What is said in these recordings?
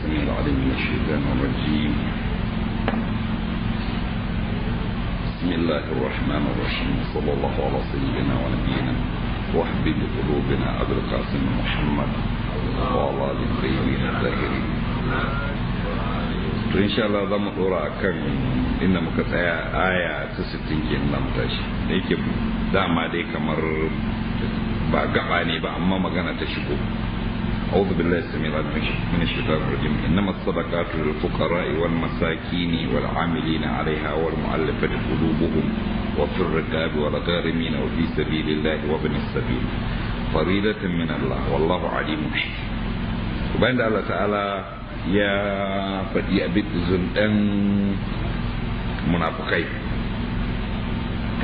السميع العليم من الشيطان الرجيم بسم الله الرحمن الرحيم صلى الله على سيدنا ونبينا وحبيب قلوبنا ابو القاسم محمد وعلى ال الطيبين الطاهرين to insha Allah za mu dora kan inda muka tsaya aya ta 60 kenan mu tashi da yake dama dai kamar ba gaba ne ba amma magana ta shigo أعوذ بالله السميع العليم من الشيطان الرجيم إنما الصدقات للفقراء والمساكين والعاملين عليها والمؤلفة قلوبهم وفي الركاب والغارمين وفي سبيل الله وابن السبيل فريضة من الله والله عليم حكيم وبين الله تعالى يا فدي أبيت زندان منافقين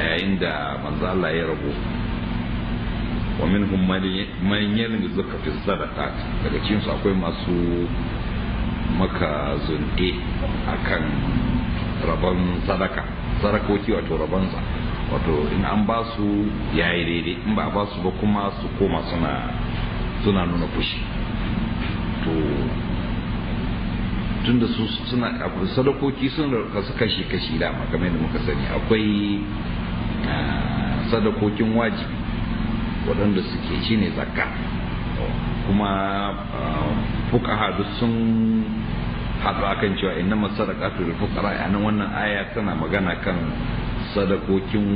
عند من الله يربوه wa minhum man yalmizuka fi sadaqat daga cikin akwai masu maka zunde akan rabon sadaka sadakoki wato rabon wato in an ba su yayi daidai in ba ba su ba kuma su koma suna suna nuna fushi to tunda su suna sadakoki sun kasu kashi kashi dama kamar da muka sani akwai ah, sadakokin wajibi waɗanda suke shi ne zakka kuma ah, fuka duk sun haɗu akan cewa inna masadaqatu lil fuqara a nan wannan aya tana magana kan sadakokin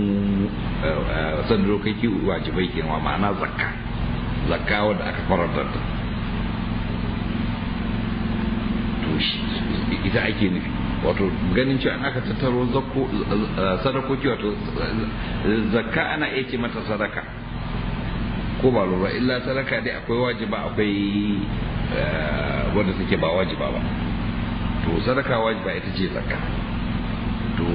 eh, eh, sadakoki wajibai wa ma'ana zakka zakka wadda aka da ta to ita ake nufi wato ganin cewa an aka tattaro eh, sadakoki wato zakka ana iya ce mata sadaka ko ba lura illa sadaka dai akwai wajiba akwai eh, wanda suke ba wajiba ba to sadaka wajiba ita ce zakka to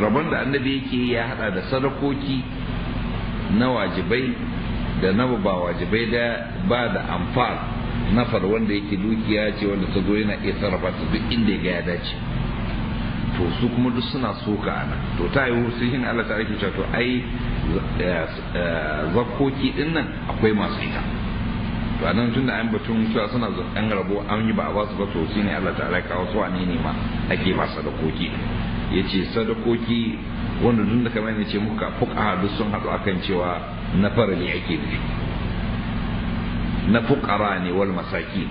rabon da annabi yake ya hada da sadakoki na wajibai da na ba wajibai da ba da na nafar wanda yake dukiya ce wanda ta zo yana iya sarrafa ta duk inda ya dace to su kuma duk suna soka ga nan to ta yi sai Allah ta rike cewa to ai eh, eh, zakoki din nan akwai masu ita to a nan tunda an batun cewa suna zakan rabo an yi ba a basu ba to shi ne Allah ta rike kawo su wane ne ma ake ba sadakoki ya ce sadakoki wanda tun da kamar ce muka fuka duk sun haɗu akan cewa na farali ake nufi na fukara ne wal masaki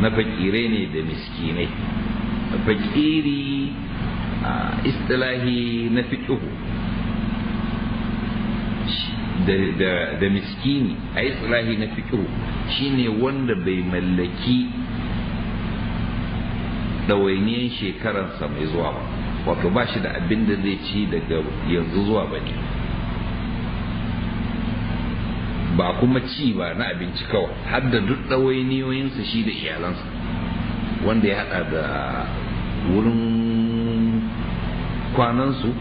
na fakire ne da miskinai bakiri istilahi na fiƙihu da miskini a istilahi na fiƙihu shine wanda bai mallaki ɗawainiyar shekararsa mai zuwa ba wato ba shi da abin da zai ci daga yanzu zuwa ba ne ba kuma ci ba na abinci kawai har da duk ɗawainiyoyinsa shi da iyalansa wanda ya haɗa da wurin kwanansu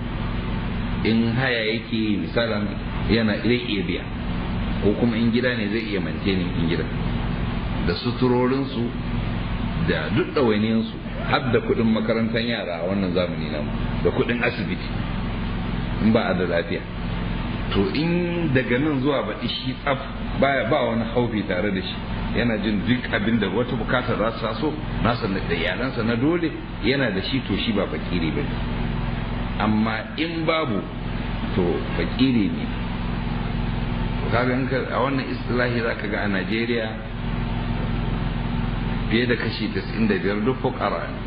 in haya yake misalan yana zai iya biya ko kuma in gida ne zai iya ne in gida da suturorinsu da duk ɗawainiyarsu har da kuɗin makarantar yara a wannan zamani namu da kuɗin asibiti in ba a da lafiya to in daga nan zuwa baɗi shi tsaf baya ba wani haufi tare da shi yana jin duk abin da wata bukata za su taso nasa da iyalansa na dole yana da shi to shi ba fakiri ba ne amma in babu to fakiri ne kaga a wannan istilahi za ka ga a najeriya fiye da kashi 95 duk fukara ne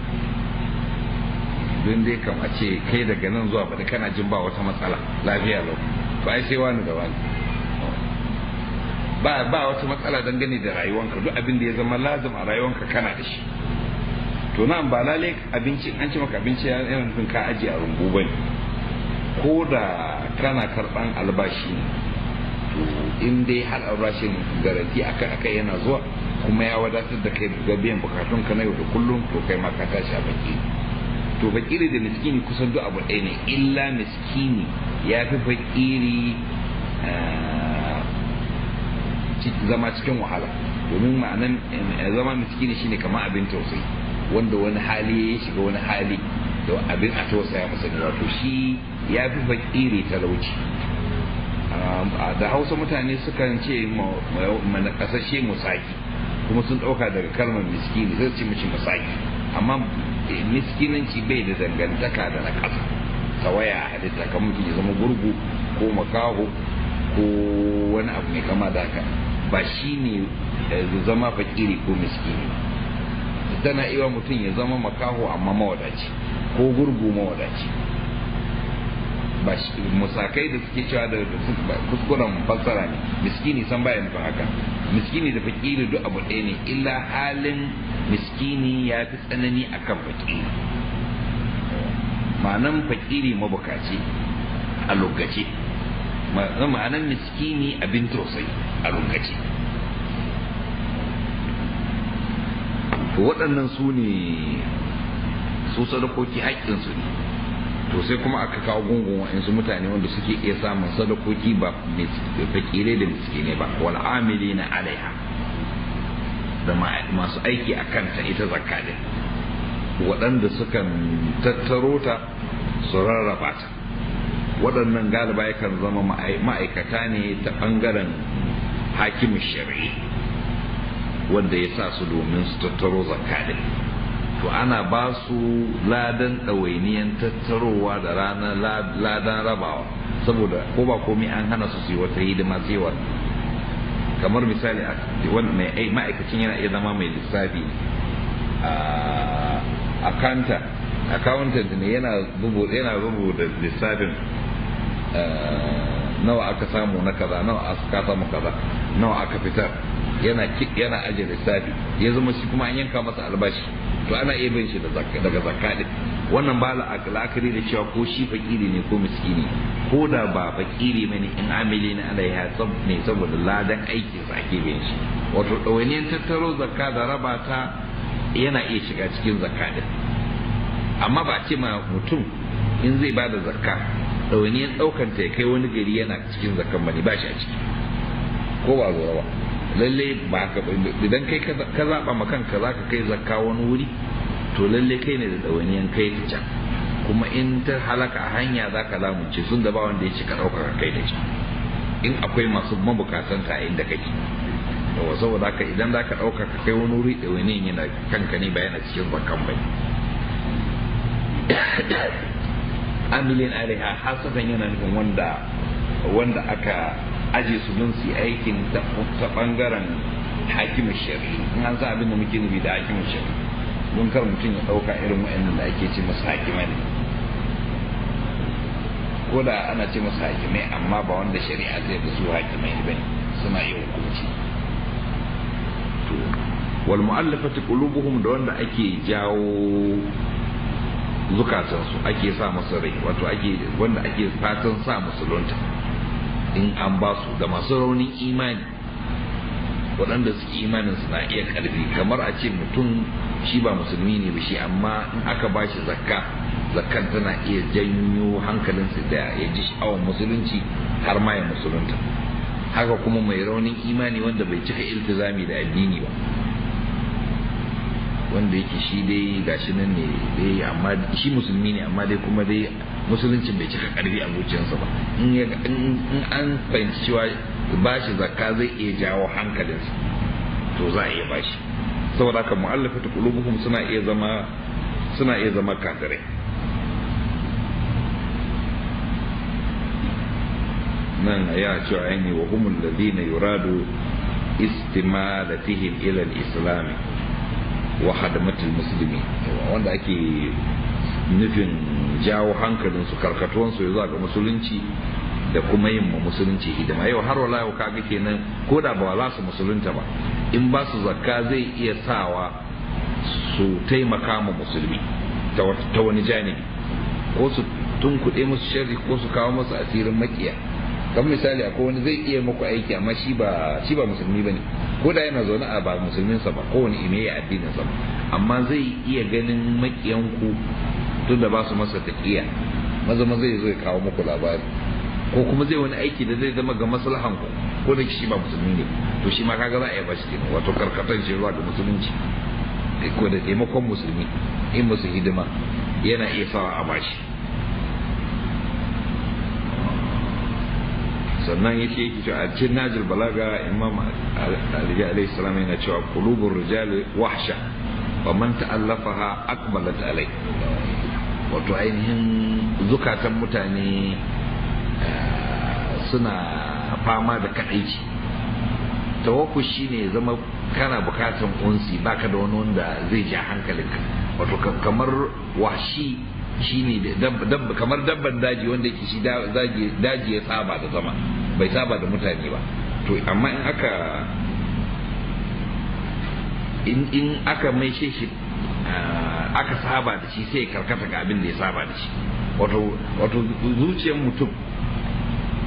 don dai kam ce kai daga nan zuwa bada kana jin ba wata matsala lafiya lau to ai sai wani da wani ba ba wata matsala dangane da rayuwanka duk abin da ya zama lazim a rayuwanka kana da shi to nan ba lalai abinci an ce maka abinci ya yana sun ka aje a rungu bane ko da kana karban albashi to in dai har albashin garanti akai akai yana zuwa kuma ya wadatar da kai ga biyan bukatun ka na yau da kullum to kai ma ka tashi a baki to fakiri da miskini kusan duk abu ɗaya ne illa miskini ya fi fakiri eh, zama cikin wahala domin ma'anan eh, zama miskini shine kamar abin tausayi wanda wani hali ya shiga wani hali da abin a tausaya masa ne wato shi ya fi fakiri talauci um, da hausa mutane sukan ce mana kasashe musaki kuma sun ɗauka daga kalmar miskini zai ce mace musaki amma eh, miskinanci bai da dangantaka da na kasa tawaya a halitta kamar ya zama gurgu ko makaho ko wani abu mai kama da haka ba shi ne eh, zama fakiri ko miskini tana iya mutum ya zama makaho amma mawadaci ko gurgu mawadaci musakai da suke cewa da kuskuren fassara ne miskini san baya nufin haka miskini da fakiri duk abu ɗaya ne illa halin miskini ya fi tsanani a kan fakiri ma'anan fakiri mabukaci a lokaci ma'anan miskini abin tausayi a runkace waɗannan su ne su sadakoki haƙƙinsu ne to sai kuma aka kawo gungun wa'insu mutane wanda suke iya samun sadakoki ba fakire da ne ba wal amili na alaiha da masu aiki a kanta ita zakka din waɗanda sukan tattaro ta su rarraba ta waɗannan galiba yakan zama ma'aikata ne ta ɓangaren hakimin shari'i wanda ya sa su domin su tattaro zakka to ana ba su ladan ɗawainiyan tattarowa da ranar ladan rabawa saboda ko ba komai an hana su su yi wata hidima sai kamar misali ma'aikacin yana iya zama mai lissafi a kanta accountant ne yana rubuta lissafin eh, nawa aka samu na kaza nawa aka samu kaza nawa aka fitar yana yana aje lissafi ya zama shi kuma an yanka masa albashi to ana iya bin shi daga zakka wannan ba la'akari da cewa ko shi fakiri ne ko miskini ko da ba fakiri ba ne in amili ne ala ya ne saboda ladan aikin sa ake bin shi wato ɗawainiyar tattaro zakka da raba ta yana iya shiga cikin zakka amma ba ce ma mutum in zai ba da zakka ɗawainiyar ɗaukanta ya kai wani gari yana cikin zakan bane ba shi a ciki ko ba zuwa ba lalle ba ka idan kai ka zaɓa ma kanka za ka kai zakka wani wuri to lalle kai ne da ɗauniyar kai ta can kuma in ta halaka a hanya za ka lamunce sun da ba wanda ya ce ka ɗaukaka kai da can in akwai masu mabukatan ta inda kake yawa saboda haka idan za ka ɗaukaka kai wani wuri ɗauniyar yana kanka ne ba yana cikin zakan bane amilin alaiha hasatan yana nufin wanda wanda aka aje su don su aikin ta bangaren hakimu shari'i in an san abin da muke nufi da hakimu shari'i don kar mutum ya dauka irin wa'annan da ake ce masa hakimai ko da ana ce masa hakimai amma ba wanda shari'a zai da su hakimai bane suna yi hukunci wal mu'allafati qulubuhum da wanda ake jawo zukatansu ake sa masu rai wato ake wanda ake fatan sa musulunta in an ba su da masu raunin imani waɗanda suke imanin na iya ƙarfi kamar a ce mutum shi ba musulmi ne ba shi amma in aka ba shi zakka zakkan tana iya janyo hankalinsa da ya ji sha'awar musulunci har ma ya musulunta haka kuma mai raunin imani wanda bai cika iltizami da addini ba wanda yake shi dai gashi nan ne dai amma shi musulmi ne amma dai kuma dai musulunci bai cika karfi a zuciyarsa ba in an fahimci cewa ba shi zakka zai iya jawo hankalinsa to za a iya ba shi saboda haka mu'allafatu qulubuhum suna iya zama suna iya zama kafirai nan ya ce yanyi wa humul ladina yuradu istimalatihim tihin al wa hadamatul musulmi wanda ake nufin jawo su karkatuwan ya zuwa ga musulunci da kuma yin ma musulunci hidima yau har wala yau kaga kenan ko da ba za su musulunta ba in ba su zakka zai iya sawa su taimaka ma musulmi ta wani janibi ko su tunkuɗe musu sharri ko su kawo musu asirin makiya don misali akwai wani zai iya muku aiki amma shi ba shi ba musulmi bane ko da yana zaune a ba musulmin sa ba ko wani ime ya addinin sa amma zai iya ganin makiyan ku tun da ba su masa taqiya maza maza zai zo ya kawo muku labari ko kuma zai wani aiki da zai zama ga maslahan ku ko da shi ba musulmi ne to shi ma kaga za a yi bashi kenan wato karkatar shi zuwa ga musulunci ko da taimakon musulmi in musu hidima yana iya sawa a bashi sannan yake yake cewa a cikin najil balaga imam alayhi alayhi salam yana cewa qulubur rijal wahsha wa man ta'allafaha aqbalat alai wato ainihin zukatan mutane eh, suna fama da kadaici tawakku shine ya zama kana bukatan unsi baka da wani wanda zai ja hankalinka wato kamar washi Shi ne kamar dabban daji wanda yake shi daji ya saba da zama bai saba da mutane ba to amma in aka in in aka mai shi shi ah, aka saba da shi sai karkata ga abin da ya saba da shi wato wato zuciyar mutum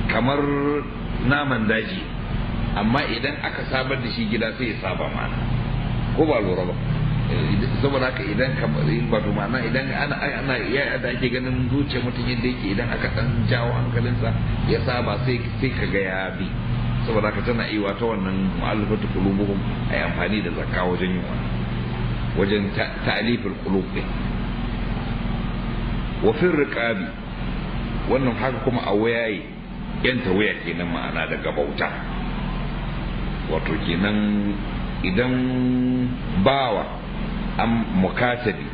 kamar naman daji amma idan aka sabar da shi gida sai ya saba mana ko ba lura ba saboda haka idan ka wato ma'ana idan ana ana ya da ake ganin zuciyar mutum yadda yake idan aka dan jawo hankalinsa ya saba sai sai ka ga ya bi saboda haka tana iya ta wannan mu'allafatu a ai amfani da zakka wajen yin wannan wajen ta'alifin qulub din wa fi wannan haka kuma a wayaye yanta waya kenan ma'ana daga bauta wato kenan idan bawa an mukatabi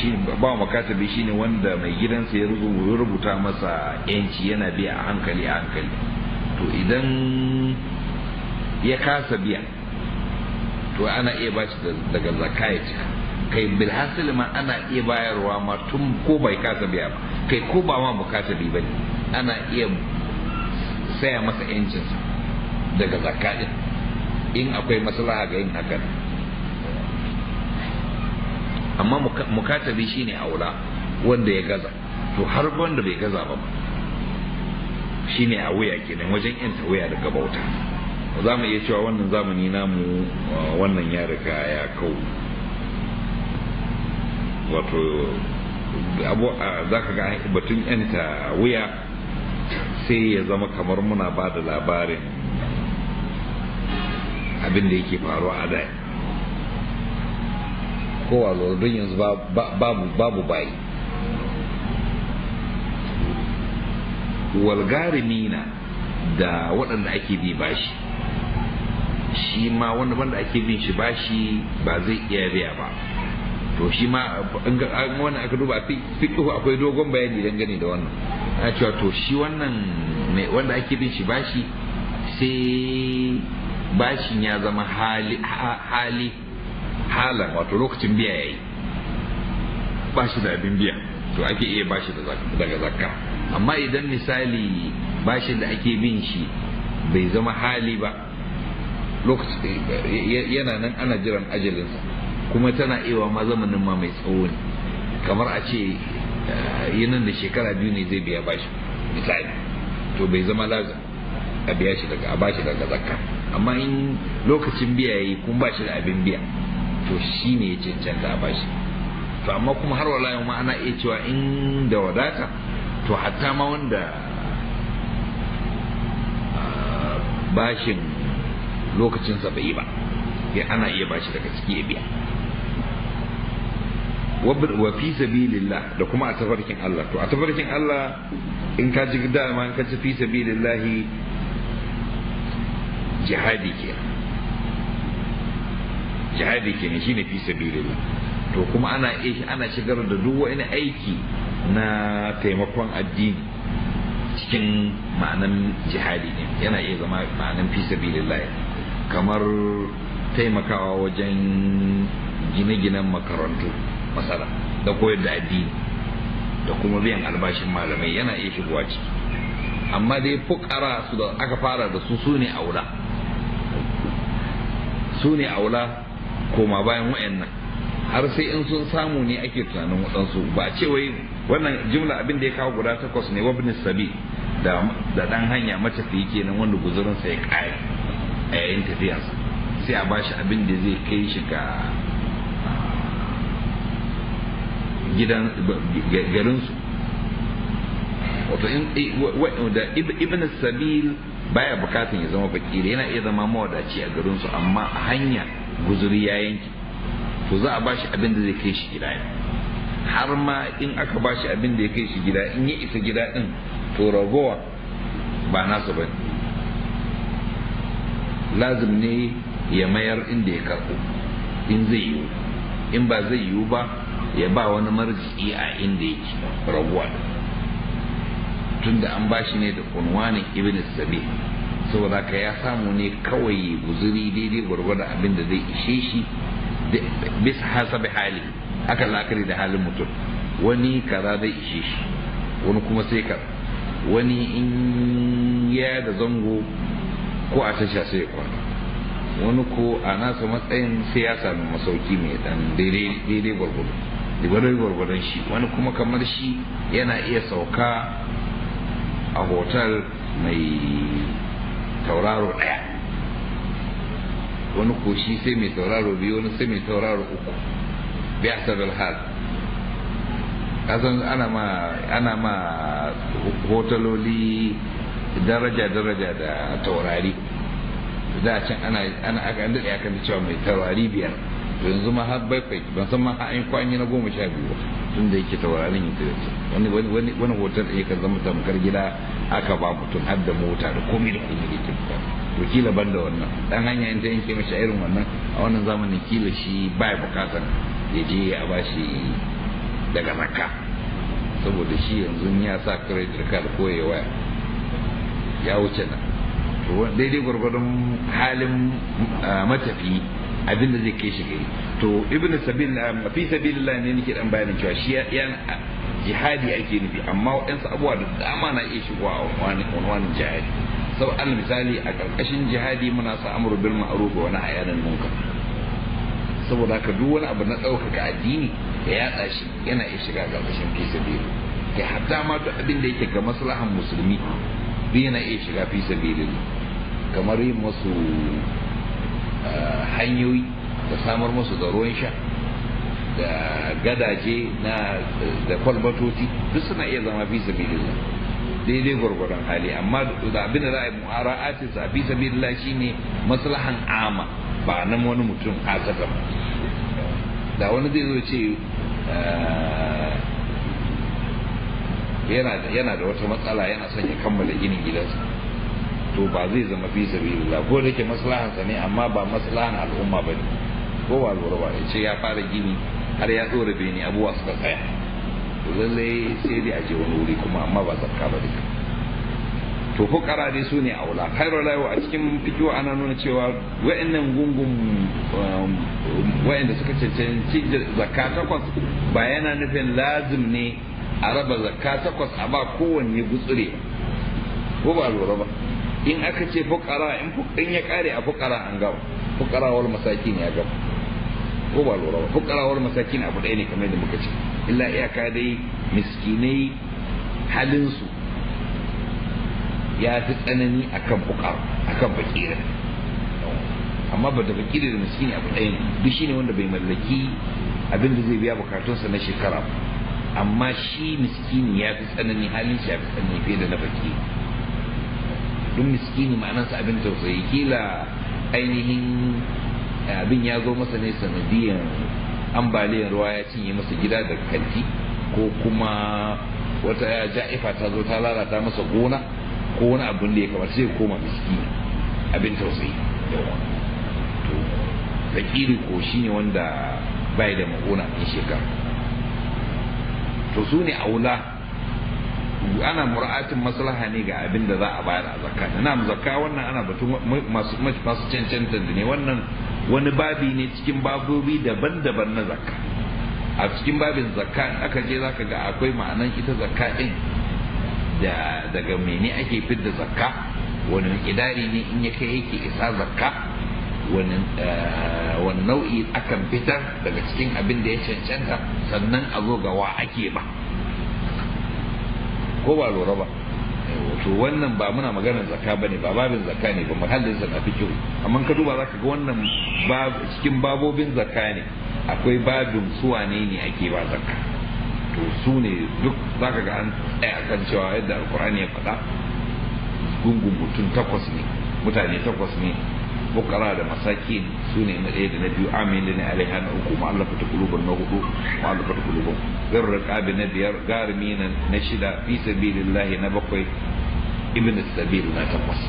shi ba mukatabi shine wanda mai gidansa ya rubuta masa yanci yana biya a hankali a hankali to idan ya kasa biya to ana iya ba shi daga zakka ya cika kai bilhassil ma ana iya bayarwa ma tun ko bai kasa biya ba kai ko ba ma mukatabi ba ne ana iya saya masa yancinsa daga zakka in akwai maslaha ga yin hakan amma mukatabi shine aula wanda ya gaza to har wanda bai gaza ba shine a wuya kenan wajen yanta wuya daga bauta za mu iya cewa wannan zamani namu wannan ya riga ya kau wato za ka ga batun yanta wuya sai ya zama kamar muna ba da labarin abin da yake faruwa a da ko walwala yanzu babu bayi walgarimina da waɗanda ake bi bashi shi ma wanda wanda ake bin shi bashi ba zai iya biya ba to shi ma wannan aka duba fiƙihu akwai dogon bayani dangane da wannan a cewa to shi wannan wanda ake bin shi bashi sai bashin ya zama hali halan wato lokacin biya yi ba shi da abin biya to ake iya bashi daga zakka amma idan misali shi da ake bin shi bai zama hali ba lokaci yana nan ana jiran ajalinsa kuma tana iya ma zamanin ma mai tsawo ne kamar a ce eh, yanan da shekara biyu ne zai biya bashi misali to bai zama lazar a biya shi daga a bashi daga zakka amma in lokacin biya yi kun shi da abin biya to shi ne ya cancanta a bashi to amma kuma har wala yau ma ana iya cewa in da wadata to hatta ma wanda bashin lokacinsa bai yi ba ya ana iya bashi daga ciki ya biya wa fi sabilillah da kuma a tafarkin Allah to a tafarkin Allah in ka ji dama in ka ci fi sabilillahi jihadi kenan jihadi ne shine fi sabilillah to kuma ana ana shigar da duk wani aiki na taimakon addini cikin ma'anan jihadi ne yana iya zama ma'anan fi sabilillah kamar taimakawa wajen gine-ginen makarantu masala da koyar da addini da kuma biyan albashin malamai yana iya shigowa ciki amma dai fukara su da aka fara da su su ne aula su aula koma bayan wayannan har sai in sun samu ne ake tunanin waɗansu ba ce wai wannan jumla abin da ya kawo guda takwas ne wabni sabi da ɗan hanya matafiyi kenan wanda guzurinsa ya ƙare a yayin tafiyarsa sai a ba shi abin da zai kai shi ga gidan garinsu wato ibn sabil baya bukatun ya zama fakiri yana iya zama mawadaci a garinsu amma a hanya guzuri ya yanki to za a bashi abin da zai kai shi gida har ma in aka bashi abin da ya kai shi gida in ya isa gida din to ragowa ba nasa ba ne lazim ne ya mayar inda ya karɓo in zai yiwu in ba zai yiwu ba ya ba wani marjiki a inda yake raguwa tunda an ba shi ne da unwanin ibn sabi saboda ka ya samu ne kawai guzuri daidai gwargwada abin da zai ishe shi bisa hasabi hali aka la'akari da halin mutum wani kaza zai ishe shi wani kuma sai ka wani in ya da zango ko a tasha sai ya kwana wani ko a nasa matsayin sai ya sami masauki mai dan daidai gwargwado daidai gwargwadon shi wani kuma kamar shi yana iya sauka a hotel mai tauraro ɗaya wani koshi sai mai tauraro biyu wani sai mai tauraro uku biya sabil hal kasan ana ma ana hotaloli daraja daraja da taurari da can ana ana aka daɗe aka cewa mai taurari biyar yanzu ma har fai ban san ma har an na goma sha biyu ba tun da yake taurarin intanet wani wani wani hotel ɗaya kan zama tamkar gida aka ba mutum har da mota da komai da komai da kimta to kila ban da wannan dan hanya inda yake yanke irin wannan a wannan zamanin kila shi ba bukatar ya je a shi daga raka saboda shi yanzu ya sa credit card ko ya waya ya wuce nan daidai gwargwadon halin ah, matafi abin da zai kai shi gari to ibnu sabil um, fi sabilillah ne nake dan bayanin cewa shi ya jihadi ake nufi amma waɗansu abubuwa da dama na iya shigowa a wani jihadi sau al misali a ƙarƙashin jihadi muna sa amru bil ma'ruf wa nahy anil munkar saboda ka duk wani abu na ɗaukaka addini ya yaɗa shi yana iya shiga ƙarƙashin fi sabilillah kai hatta ma duk abin da yake ga maslahan musulmi duk yana iya shiga fi sabilillah kamar yin masu. hanyoyi da samar musu da ruwan sha da gadaje na da kwalbatoci duk suna iya zama fi sabilillah daidai gwargwaron hali amma da abin da za a yi mu'ara'atin sa fi sabilillah ne maslahan ama ba nan wani mutum kasata ba da wani zai zo ce ah, yana da wata matsala yana son ya kammala ginin gidansa to ba zai zama fi sabilillah ko da ke maslahan sa ne amma ba maslahan al'umma ba ne ko ba zuwa ba ce ya fara gini har ya tsora bene abuwa suka tsaya to lallai sai dai a je wani wuri kuma amma ba zakka ba duka to fuqara dai su ne wula khairul lahi a cikin fikiyo ana nuna cewa wa'annan gungun um, wa'anda suka cancanci zakka takwas ba yana nufin lazim ne a raba zakka takwas a ba kowanne gutsure ko ba lura ba in aka ce fukara in ya kare a fukara an gama fukara wal ne a gaba ko ba lura ba fukara wal ne abu ɗaya ne kamar da muka ce illa iyaka dai miskinai halinsu ya fi tsanani a kan fukara kan bakira amma ba da bakira da miskini abu ɗaya ne duk ne wanda bai mallaki abin da zai biya bukatunsa na shekara amma shi miskini ya fi tsanani halin shi ya fi tsanani fiye da na bakira duk miskini ma'anarsa abin tausayi kila ainihin eh, abin ya zo masa ne sanadiyan ambaliyar ruwa ya cinye masa gida da kanti ko kuma wata ja'ifa ta zo ta lalata masa gona ko wani abin da ya kamar sai koma miskini abin tausayi to zakiri ko shine wanda bai da magona in shekara to su ne aula ana mura'atin maslaha ne ga abin da za a bayar a zakka na zakka wannan ana batun masu masu cancanta ne wannan wani babi ne cikin babobi daban-daban na zakka a cikin babin zakka aka je zaka ga akwai ma'anan ita zakka din da daga mene ake fidda zakka wani idari ne in ya kai yake isa zakka eh, wani nau'i akan fitar daga cikin abin da ya cancanta sannan a zo ga wa ake ba ko ba lura ba to wannan ba muna maganar zaka ba ne ba babin zaka ne ba mahallin sa na kyau amma ka duba za ga wannan cikin babobin zaka ne akwai babin suwa ne ne ake ba zaka to su ne duk zaka ga an tsaya kan cewa yadda alkur'ani ya faɗa gungun mutum takwas ne mutane takwas ne bukara da masakin su ne na ɗaya da na biyu amilin alaiha na uku ta qulubun na hudu ta qulubun zan bi na biyar garmi na shida fi sabilillahi na bakwai ibn sabil na takwas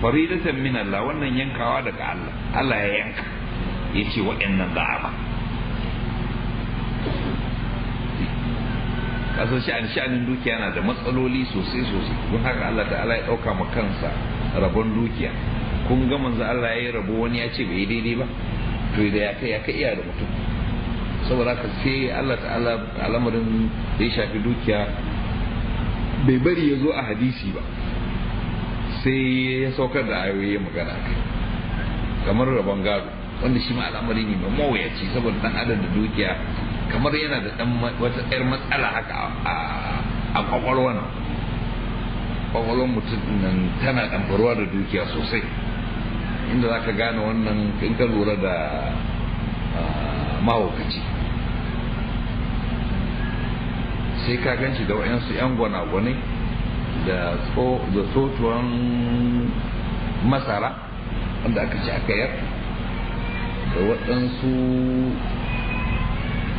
faridatan min Allah wannan yankawa daga Allah Allah ya yanka yace waɗannan da'ama kasar sha'anin dukiya na da matsaloli sosai sosai don haka Allah ta'ala ya ɗauka ma kansa rabon dukiya kun ga manzo Allah ya yi rabo wani ya ce bai daidai ba to da ya kai ya kai da mutum saboda ka sai Allah ta'ala al'amarin da ya shafi dukiya bai bari ya zo a hadisi ba sai ya saukar da ayoyi magana kamar rabon gado wanda shi ma al'amari ne mai mawuyaci saboda dan adam da dukiya kamar yana da dan wata tsayar matsala haka a kwakwalwa kwakwalon mutum nan tana ɗanfarwa da dukiya sosai inda za ka gane wannan in ka lura da ah, mahaukaci sai ka ganci da wa'yansu 'yan gwanagwane da tsotuwan masara wanda aka ci aka yar da waɗansu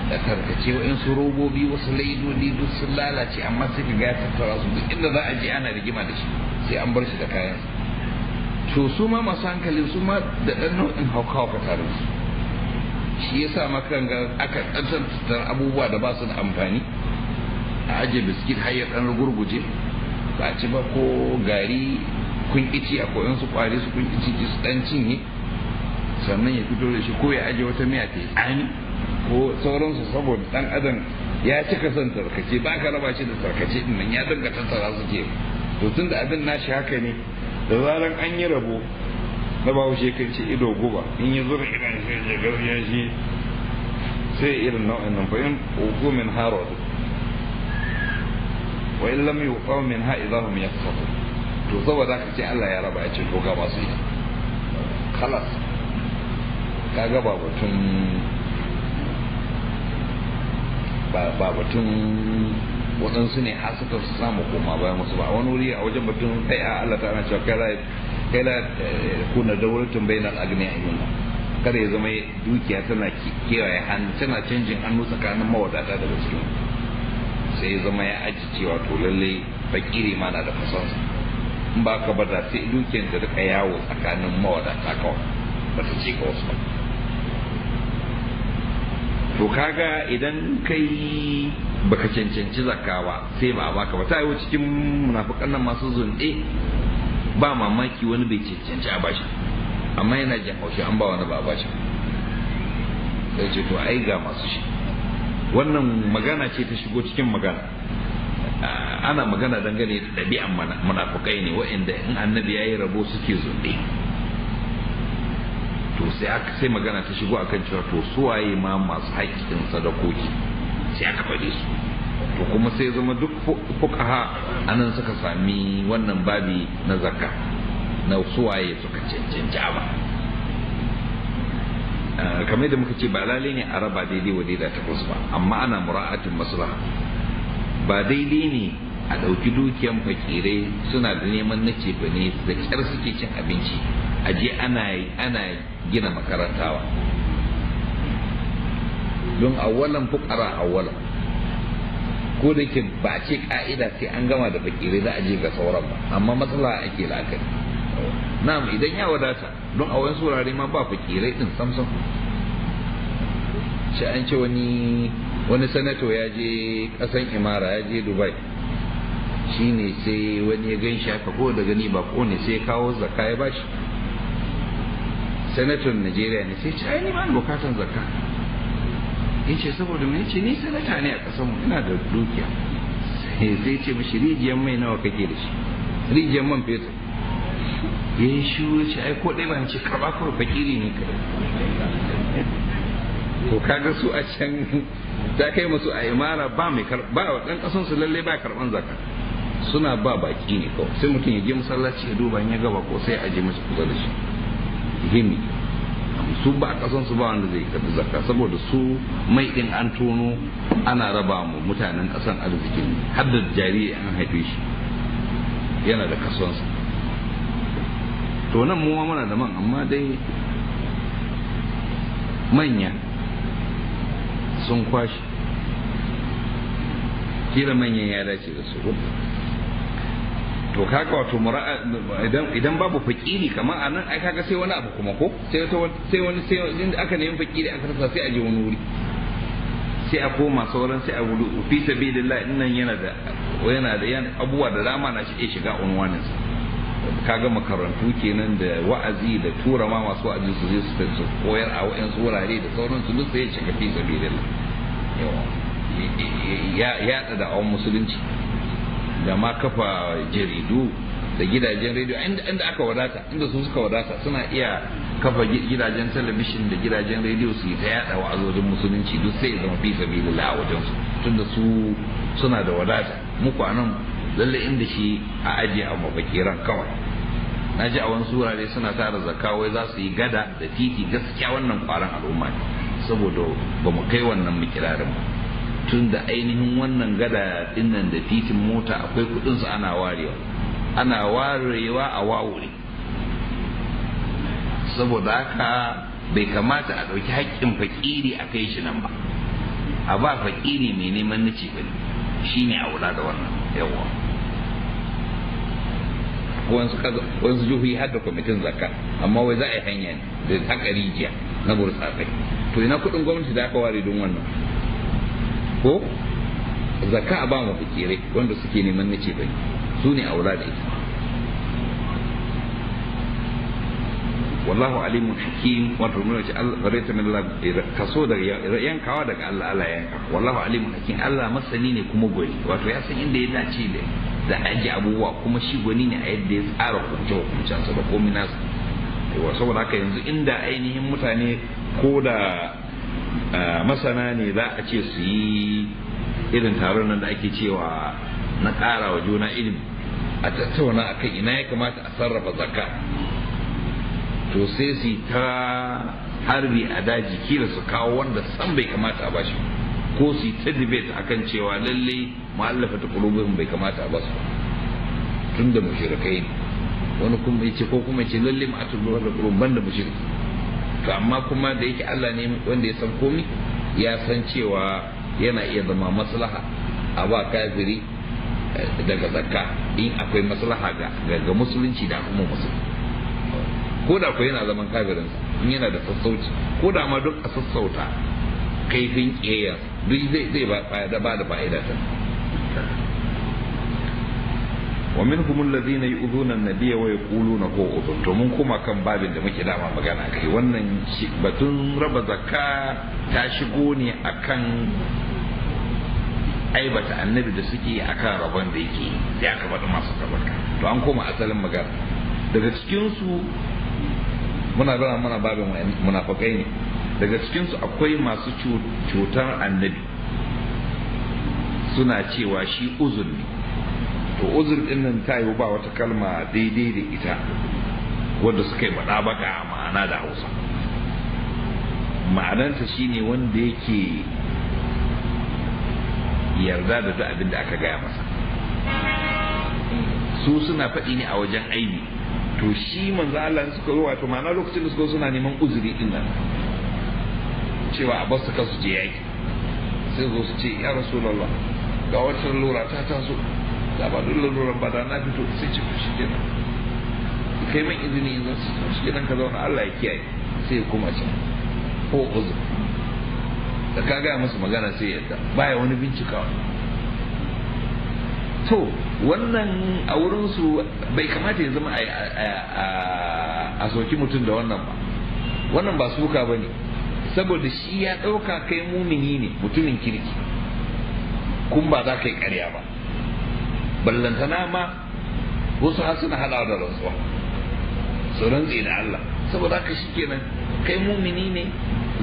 da tarkace su robobi wasu laidodi duk sun lalace amma sai ka gaya tattara su duk inda za a je ana rigima da shi sai an bar shi da kayan to su ma masu hankali su ma da ɗan nau'in haukawa hauka tare su shi ya sa makan ga aka ɗantar abubuwa da ba su da amfani a aje biskit har ya ɗan gurguje ba ci ba ko gari kun ici a koyon su kwari su kun ici su ɗan cinye sannan ya fito da shi ko ya aje wata miya ta yi tsani ko sauransu saboda dan adam ya cika son tarkace ba ka raba shi da tarkace din nan ya danga tattara su ke to tun da abin nashi haka ne da zaran an yi rabo na wuce kan ce ido guba in yi zura idan shi ya gaskiya shi sai irin nau'in nan bayan uku min harod wa in lam yuqaw min ha idahum yaqtu to saboda ka ce Allah ya raba ya ce ko ga su yi kalas kaga ba batun ba batun waɗansu ne har suka su samu koma bayan wasu ba wani wuri a wajen batun kai a Allah ta ana cewa kai la kai la eh, kuna dawratun bainal agni ayyuna kada ya zama dukiya tana kewaye hannu tana canjin hannu tsakanin mawadata daga gaske sai ya zama ya aji cewa to lalle fakiri ma na da fasansa in ba ka bada sai dukiyar ta duka yawo tsakanin mawadata kawai ba ta ce ga wasu ba to kaga idan kai baka cancanci zakka ba sai ba baka ba ta yi cikin munafukan nan masu zunde ba mamaki wani bai cancanci a bashi amma yana jin haushi an ba wani ba a bashi sai ce to ai ga masu shi wannan magana ce ta shigo cikin magana ana magana dangane da ɗabi'an munafukai ne wa'inda in annabi ya yi rabo suke zunde to sai magana ta shigo akan cewa to suwaye ma masu haƙƙin sadakoki sai aka faɗe su to kuma sai zama duk fukaha anan suka sami wannan babi na zakka na suwaye suka cancanta ba eh, kamar da muka ce ba lalai ne a raba daidai wa ta takwas ba amma ana mura'atin maslaha ba daidai ne a ɗauki dukiyan fakirai suna da neman na ne da ƙyar suke cin abinci a je ana gina makarantawa don awalan fukara awalan ko da ke ba ce ka'ida sai an gama da fakirai za a je ga sauran ba amma matsala ake la'akari na'am idan ya wadata don a wani surare ma ba fakirai din samson. shi an ce wani wani sanato ya je kasan imara ya je dubai shine sai wani ya gan shi haka ko da gani ba ko ne sai kawo zakka ya bashi Senator najeriya ne sai ce ai ni ba ni bukatan zakka ya ce saboda mai ce ni sanata ne a ƙasar mu ina da dukiya sai ce mashi rijiyar mai nawa kake da shi rijiyar man fetur ya yi shiru ai ko ɗaya ba ce karɓa ko fakiri ne kai Ko kaga su a can ta kai musu a imara ba mai ba wa ɗan ƙasar su lalle ba karɓan zakka suna ba baki ne kawai sai mutum ya je masallaci ya duba in ya gaba ko sai a je mashi kusa da shi gini su ba kasan su ba wanda zai karbi zakka saboda su mai din an tono ana raba mu mutanen kasan arzikin har da jariri an haife shi yana da kasonsa to nan mu muna da man amma dai manya sun kwashe kira manyan ya dace da su to kaga wato idan idan babu fakiri kamar a nan ai kaga sai wani abu kuma ko sai sai wani sai inda aka nemi fakiri aka rasa sai a je wani wuri sai a koma sauran sai a gudu fi sabilillah nan yana da yana da yana abubuwa da dama na shi shiga unwanin sa kaga makarantu kenan da wa'azi da tura ma masu wa'azi su je su koyar a wa'ansu wurare da sauran su duk sai ya shiga fi sabilillah yawa ya da da'awar musulunci da ma kafa jaridu da gidajen rediyo inda aka wadata inda sun suka wadata suna iya kafa gidajen talabishin da gidajen rediyo su yi ta yada wa'azojin musulunci duk sai zama fi sabi da wajen su tunda su suna da wadata muku anan lalle inda shi a ajiye a mafakiran kawai na ji a wani sura dai suna tara zakka wai za su yi gada da titi gaskiya wannan kwaran al'umma ne saboda ba mu kai wannan mu kirarin ba tun da ainihin wannan gada dinnan da titin mota akwai kudinsu ana warewa ana warewa a wawure saboda haka bai kamata a ɗauki haƙƙin fakiri a kai shi nan ba a ba fakiri mai neman naci ba shi ne a wula da wannan yawa wansu juhu har da kwamitin zaka amma wai za a yi hanya ne da haƙari rijiya na burtsafai to ina kuɗin gwamnati da aka ware don wannan ko zaka ba mu fakirai wanda suke neman nace bai su ne aula da ita wallahu alimun hakim wato mun ce garaita min Allah eh, kaso daga yankawa daga Allah Allah yanka wallahu alimun hakim Allah masani ne kuma gwani wato ya san inda ya dace da da aje abubuwa kuma shi gwani ne a yadda ya tsara hukunce hukuncensa da komai nasu wa saboda haka yanzu inda ainihin mutane ko da masana ne za a ce su yi irin taron nan da ake cewa na ƙara wa juna ilimi a tattauna kan ina ya kamata a sarrafa zakka to sai su ta harbi a daji kila su kawo wanda san bai kamata a bashi ko su ta debate akan cewa lalle mu'allafa ta kulubin bai kamata a basu tun da mushrikai ne wani kuma ce ko kuma lallai lalle ma'atul da kulubin banda mushriki to amma kuma da yake Allah ne wanda ya san komi ya san cewa yana iya zama maslaha a ba kafiri eh, daga zakka in akwai maslaha ga musulunci da kuma musulmi ko da kuwa yana zaman kafirin in yana da sassauci ko da ma duk a sassauta kaifin kiyayya duk zai ba da fa'ida ta wa min minhum alladhina yu'dhuna an-nabiyya wa yaquluna huwa udhun to mun kuma kan babin da muke dama magana kai wannan batun raba zakka ta shigo ne akan aibata annabi da suke akan rabon da yake sai aka bada masu tabarka to an koma asalin magana daga cikin su muna bara muna babin munafakai ne daga cikin su akwai masu cutar annabi suna cewa shi uzun to uzur din nan ta yi ba wata kalma daidai da ita wadda suka yi bada baka ma'ana da hausa ma'ananta shine wanda yake yarda da duk abin da aka gaya masa su suna faɗi ne a wajen aini to shi manzo Allah suka yi wato ma'ana lokacin da suka suna neman uzuri din nan cewa a basu kansu je yaki sai zo su ce ya rasulullah ga wata lura ta taso da ba dole laluran ba da na fito sai ce shi kenan kai min izini yanzu shi kenan ka zauna Allah ya kiyaye sai ya koma can ko uzu da ka gaya musu magana sai ya yadda ya wani bincikawa to wannan a wurinsu bai kamata ya zama a soki mutum da wannan ba wannan ba suka ba ne saboda shi ya ɗauka kai mumini ne mutumin kirki kun ba za ka yi ƙarya ba ballantana ma wasu har suna hada da rantsuwa su rantsi da Allah saboda haka kenan kai mumini ne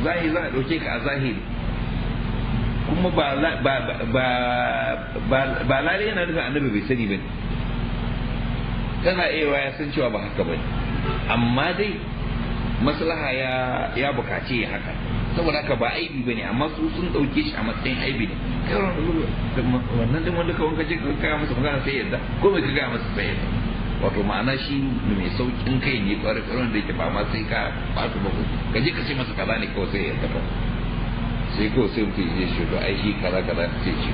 zahi za a dauke ka a zahiri kuma ba lalai yana nufin annabi bai sani bane tana ewa ya san cewa ba haka bane amma dai maslaha ya bukaci haka saboda ka ba aibi bane amma su sun dauke shi a matsayin aibi ne wannan din wanda kawai kaje ka kaya masa magana sai yadda ko mai ka kaya masa sai yadda wato ma'ana shi mai saukin kai ne kwarar da yake ba ma sai ka bata ba ka je ka ce masa kaza ne kawai sai yadda ba sai kawai sai mutum ya ce shi to ai shi kaza kaza sai shi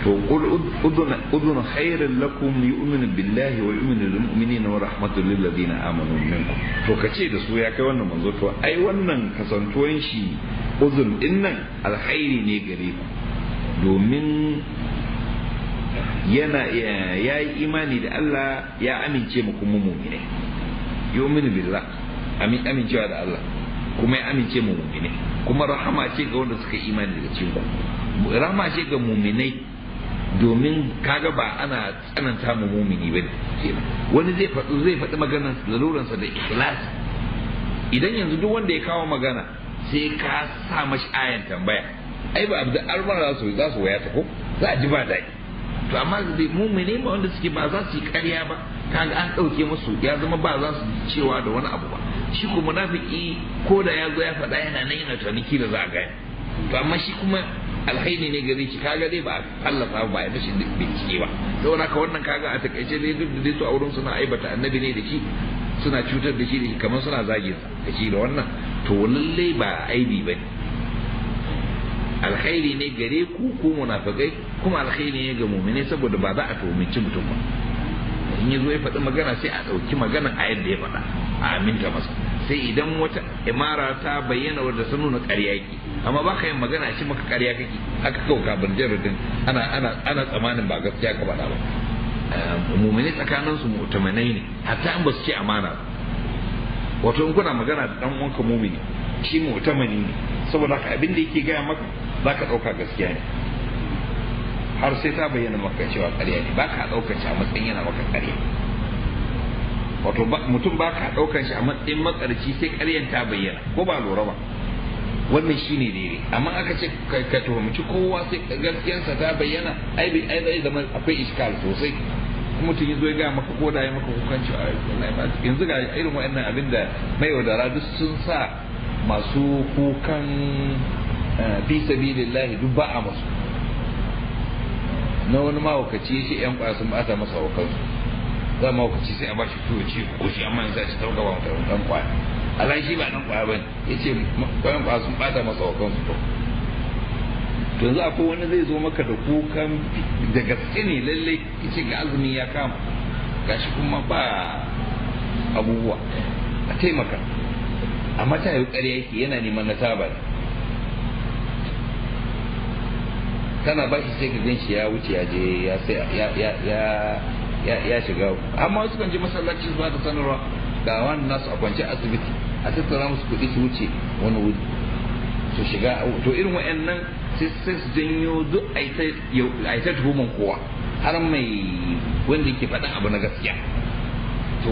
to qul udun khairin lakum yu'minu billahi wa yu'minu lil mu'minina wa rahmatul lil ladina amanu minkum to kace da su ya kai wannan manzo to ai wannan kasantuwan shi udun din nan alkhairi ne gare ku domin yana ya yi imani da Allah ya amince mu kuma mu'mine yu'minu billah amin amincewa da Allah kuma ya amince mu mu'mine kuma rahama ce ga wanda suka imani da cikin rahama ce ga mu'minai domin kaga ba ana tsananta mu mumini ba wani zai faɗi zai faɗi maganar laluransa da ikhlas idan yanzu duk wanda ya kawo magana sai ka sa mashi ayan tambaya ai ba abda arba za su za su waya ta ko za a ji ba daɗi to amma zai mumini ba wanda suke ba za su yi ƙarya ba kaga an ɗauke musu ya zama ba za su cewa da wani abu ba shi kuma munafiki ko da ya zo ya faɗa yana nan yana tuniki da za a gane to amma shi kuma alhaini ne gare shi kaga dai ba Allah ba ya mishi bincike ba don haka wannan kaga a takaice dai duk da su a wurin suna aibata annabi ne da shi suna cutar da shi da shi kamar suna zagin da shi da wannan to lalle ba aibi ba ne alkhairi ne gare ku ko munafikai kuma alkhairi ne ga mu'mini saboda ba za a tuhuminci mutum ba in ya ya faɗi magana sai a ɗauki magana a yadda ya faɗa a aminta masa sai idan wata imara ta bayyana wadda sun nuna ƙarya yake amma baka yin magana shi maka ƙarya kake aka kawo kafin jaridin ana ana tsamanin ba gaskiya ka faɗa ba ehm, mumini tsakanin su mutamanai ne hatta an ba su ce amana wato in kuna magana da dan uwanka mumini shi mutumani ne saboda haka abin da yake gaya maka za ka ɗauka gaskiya ne har sai ta bayyana maka cewa ƙarya ne baka ɗauka shi a matsayin yana maka ƙarya wato mutum ba ka ɗaukan shi a matsayin makarci sai ƙaryan ta bayyana ko ba lura ba wannan shi ne daidai amma aka ce ka tuhumci kowa sai gaskiyarsa ta bayyana ai bai zama akwai iskal sosai mutum ya zo ya gaya maka koda ya maka hukunci a yanzu ga irin wa'annan abin da mai wadara duk sun sa masu kukan eh, fi lillahi duk ba a masu na wani mawakaci ya ce yan kwasan ba a masa hukunci za ma kuci sai a ba shi tuwo ci ko shi amma yanzu a ci tauka ba mutum dan kwaya alan shi ba dan kwaya bane yace kwayan kwaya sun bata masa wa kansu to yanzu akwai wani zai zo maka da kukan da gaske ne lalle yace ga azumi ya kama gashi kuma ba abubuwa a taimaka amma ta yi ƙarya yake yana neman na taba kana ba shi sai ka gan shi ya wuce ya je ya ya shiga amma wasu kan masallaci zuwa da sanarwa ga wani nasu a kwance asibiti a tattara musu kuɗi su wuce wani wuri su shiga to irin wa'annan sai su janyo duk aitar tuhuman kowa har mai wanda ke faɗin abu na gaskiya to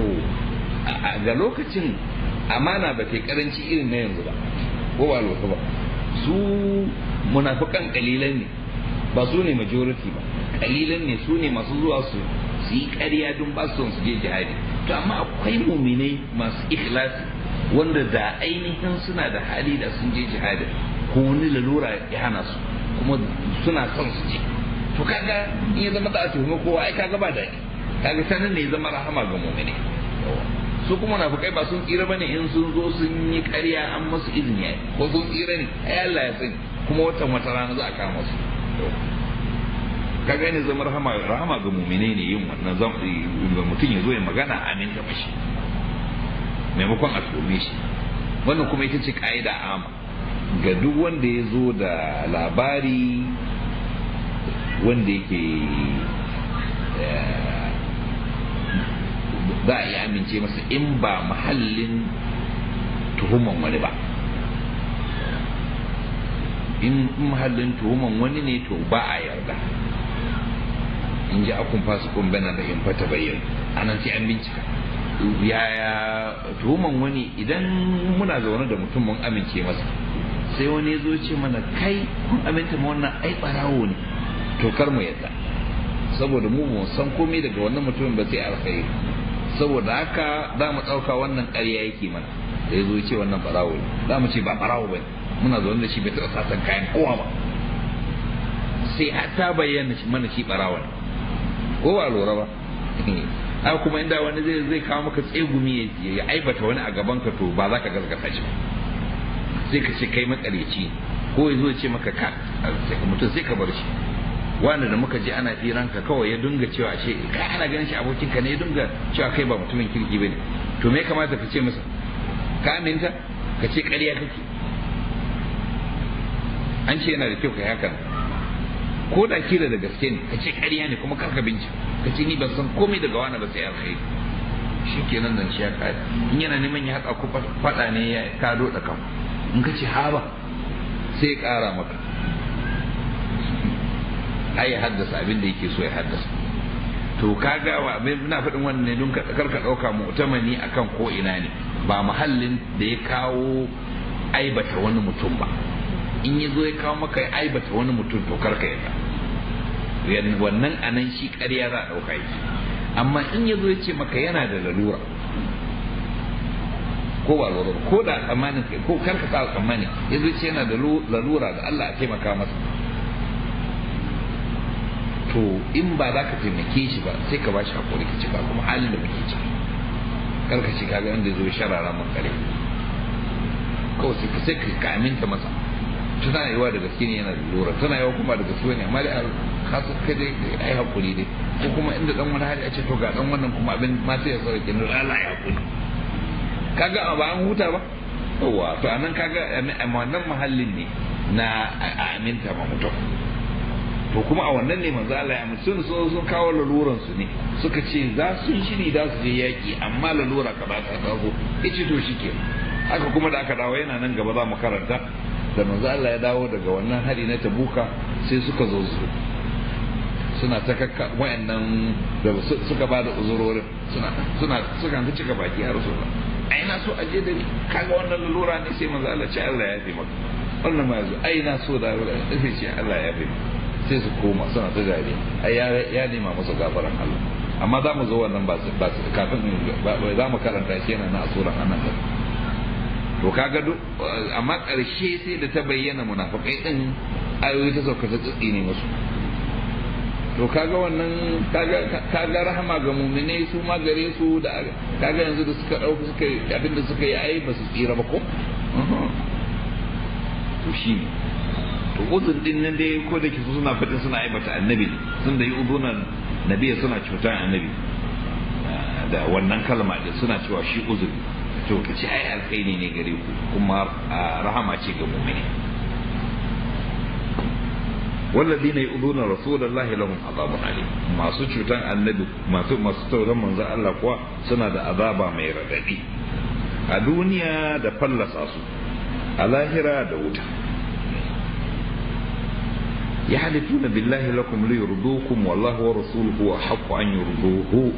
ga lokacin amana ba ke karanci irin na yanzu ba ko ba lokacin ba su munafukan kalilan ne ba su ne majority ba kalilan ne su ne masu zuwa su su yi ƙarya don ba su su je jihadi to amma akwai muminai masu ikhlasi wanda da ainihin suna da hali da sun je jihadi ko wani lalura ya hana su kuma suna son su je to kaga in ya zama da a tuhumi kowa ai kaga ba daɗi kaga sanin ne ya zama rahama ga mumini su kuma na fukai ba sun tsira bane in sun zo sun yi ƙarya an masu izini ko sun tsira ne ai Allah ya sani kuma watan wata rana za a kama su kaga gani zama rahama ga mu'mine ne yin wannan zan eh, mutum ya zo ya magana amin da mashi maimakon a tsome shi wannan kuma ita ce ka'ida ama ga duk wanda ya zo da labari wanda yake eh, za a yi amince masa in ba mahallin tuhuman wani ba in mahallin tuhuman wani ne to ba a yarda in ji akun fasu kun bana da in fata bayyana anan sai an bincika yaya tuhuman wani idan muna zaune da mutum mun amince masa sai wani ya zo ce mana kai kun aminta ma wannan ai barawo ne to kar mu yadda saboda mu mu san komai daga wannan mutumin ba sai alkhairi saboda haka za mu ɗauka wannan ƙarya yake mana da ya zo ce wannan barawo ne za mu ce ba barawo ba muna zaune da shi bai taɓa sasan kayan kowa ba sai ta bayyana mana shi barawo ne ko ba lura ba A kuma inda wani zai zai kawo maka tsegumi ya aibata wani a gaban ka to ba za ka gaskata shi sai ka ce kai makarici ko ya zo ce maka ka mutum sai ka bar shi wanda da muka je ana firanka kawai ya dunga cewa ce kai ana ganin shi abokin ka ne ya dunga cewa kai ba mutumin kirki bane to me kamata ka ce masa ka aminta ka ce ƙarya kake an ce yana da kyau kai hakan ko da kila da gaske ne ka ce ƙarya ne kuma karka bincika ka ce ni ban san komai daga wani ba sai alkhairi shi kenan nan shi ya kai in yana neman ya haɗa ku faɗa ne ya kado da kan in ka ha ba sai ƙara maka ai ya haddasa abin da yake so ya haddasa to ka ga wa muna faɗin wannan ne don ka karka ɗauka mu'tamani akan ko ina ne ba muhallin da ya kawo aibata wani mutum ba in ya zo ya kawo maka ya aibata wani mutum to karka yadda wannan anan shi ƙarya za a ɗauka yake amma in ya zo ya ce maka yana da lalura ko ba lalura ko da tsammanin kai ko karka sa tsammanin ya zo ce yana da lalura da Allah a taimaka masa to in ba za ka taimake shi ba sai ka ba shi hakuri ka cika kuma halin da muke ciki karka ci kaga inda zo sharara mun kare kawai sai ka sai ka aminta masa ta tana yiwa da gaske ne yana da lura tana yiwa kuma da gaske ne amma da kasu kai dai ai hakuri dai ko kuma inda dan wani hali a ce to ga dan wannan kuma abin ma sai ya sauke ne Allah ya hakuri kaga ba an huta ba yawa to anan kaga wannan mahallin ne na aminta ma mutum to kuma a wannan ne manzo Allah ya mutum sun sun kawo laluran su ne suka ce za su shiri za su je yaki amma lalura ka ba ta kawo yace to shike haka kuma da aka dawo yana nan gaba za mu karanta da manzo Allah ya dawo daga wannan hari na tabuka sai suka zo suna ta kakka wayannan da suka ba da uzurorin suna suna suka ci gaba baki a rasu ai na so aje da kaga wannan lura ne sai manzo Allah ce Allah ya yi maka wannan ma yazo ai na so da sai ce Allah ya yi sai su koma suna ta dare ai ya ya nema masa gafaran Allah amma za mu zo wannan ba kafin za mu karanta shi yana na asuran annan to kaga duk amma ƙarshe sai da ta bayyana munafiƙai din ayoyi ta sauka ta tsitsi ne musu to kaga wannan kaga rahama ga mumine su ma gare su da kaga yanzu da suka ɗauki suka abin da suka yi ai ba su tsira ba ko to shi ne to uzun din nan dai ko da ke su suna fadin suna aibata annabi sun da yi uzunan nabiya suna cutar annabi da wannan kalma da suna cewa shi uzuri to ka ce ai alkhairi ne gare ku kuma rahama ce ga mu'mini walladina yu'duna rasulullahi lahum azabun alim masu cutan annabi masu masu tauran manzo Allah kuwa suna da azaba mai radadi a duniya da fallasa su a lahira da wuta يحلفون بالله لكم ليرضوكم والله ورسوله أحق أن يرضوه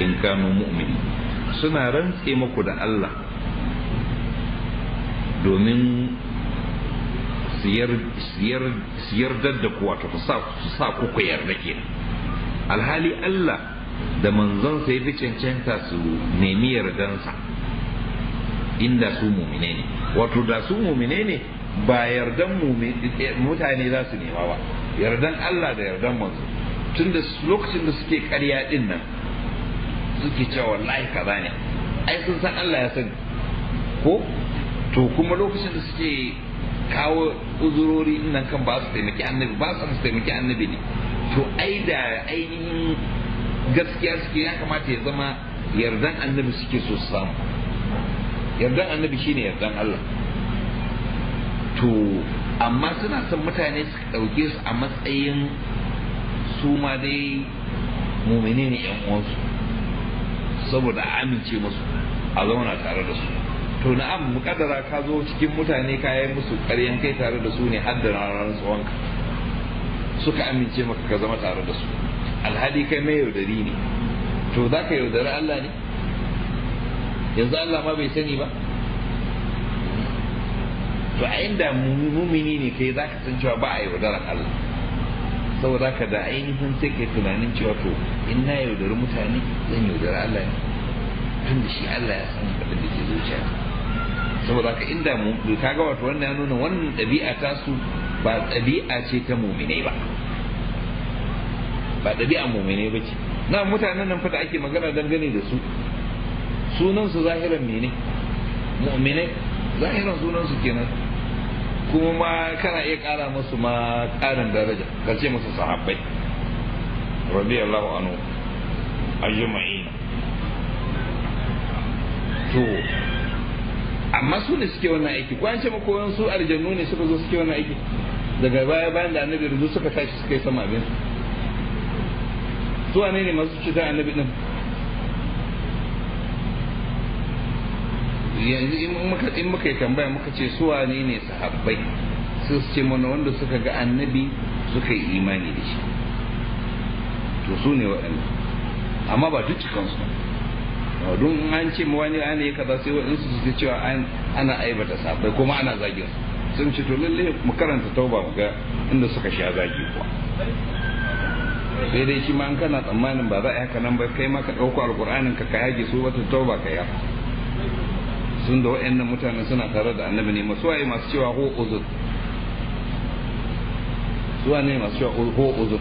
إن كانوا مؤمنين suna rantse muku da Allah domin siyar da ku wato su sa ku ku yarda ke alhali Allah da manzon sai fi cancanta su nemi yardansa inda su mumine ne wato da su mumine ne ba yardan mutane za su nema ba yardan Allah da yardan manzo tun da lokacin da suke karya din nan suke cewa wallahi kaza ne ai sun san Allah ya sani ko to kuma lokacin da suke kawo uzurori nan kan ba su taimaki annabi ba su taimaki annabi ne to ai da ainihin gaskiya suke ya kamata ya zama yardan annabi suke so su samu yardan annabi shine yardan Allah to amma suna son mutane su ɗauke su a matsayin su ma dai mumini ne 'yan uwansu saboda amince musu a zauna tare da su to na'am mukaddara ka zo cikin mutane ka yi musu ƙaryan kai tare da su ne har da ranar tsawonka suka amince maka ka zama tare da su alhali kai mai yaudari ne to za ka yaudari Allah ne yanzu Allah ma bai sani ba to a inda mumini ne kai za ka san cewa ba a yaudarar Allah saboda ka da ainihin sai kai tunanin cewa to in na yaudari mutane zan yaudari Allah ne tun da shi Allah ya san abin da ke zuciya saboda ka inda mu ka ga wato wannan ya nuna wannan ɗabi'a ta su ba ɗabi'a ce ta muminai ba ba ɗabi'a muminai ba ce na mutanen nan fata ake magana dangane da su sunan su zahiran mene mu'minai zahiran sunan su kenan kuma kana iya kara musu ma karin daraja ka ce musu sahabbai radiyallahu anhu ajma'in to amma su ne suke wannan aiki ko an ce muku wani su aljannu ne suka zo suke wannan aiki daga baya bayan da annabi rubu suka tashi suka yi sama abin su wane ne masu cutar annabi din yanzu in muka yi tambaya muka ce su ne ne sahabbai su ce mana wanda suka ga annabi suka yi imani da shi to su ne waɗanda amma ba duk cikansu ba don an ce ma wani ana yi kaza sai waɗansu su ce cewa ana aibata sahabbai kuma ana zagin su sun ce to lalle mu karanta tauba mu ga inda suka sha zagi kuwa sai dai shi ma an kana tsammanin ba za a yi haka nan ba kai ma ka ɗauko alƙur'anin ka ka yage su wata tauba ka yi tun da wa'annan mutanen suna tare da annabi ne masu waye masu cewa ho uzur suwa ne masu cewa ho uzur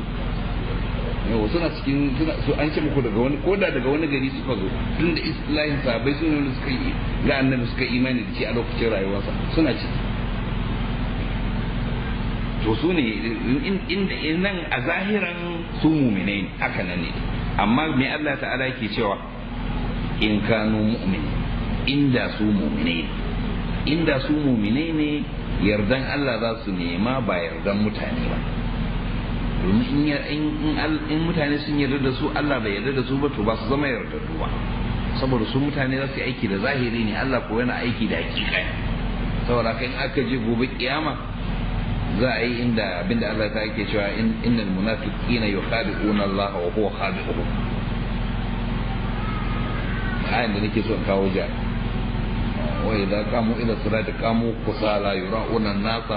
yau suna cikin su an ce muku daga wani koda daga wani gari suka zo tun da islahin sabai sun yi suka yi ga annabi suka imani da shi a lokacin rayuwarsa suna ciki to su ne inda nan a zahiran su mumine ne haka nan ne amma me Allah ta'ala yake cewa in kanu mu'minin inda su muminai inda su muminai ne yardan Allah za su nema ba yardan mutane ba domin in mutane sun yarda da su Allah bai yarda da su ba to ba su zama yardaddu ba saboda su mutane za su yi aiki da zahiri ne Allah ko yana aiki da hakika saboda kan aka je gobe kiyama za a yi inda abinda Allah ta yake cewa innal munafiqina yukhadi'una Allah wa huwa khadi'uhum ayan da nake so in kawo jami'a wa وإذا قاموا إلى الصلاة قاموا كسالى يراؤون الناس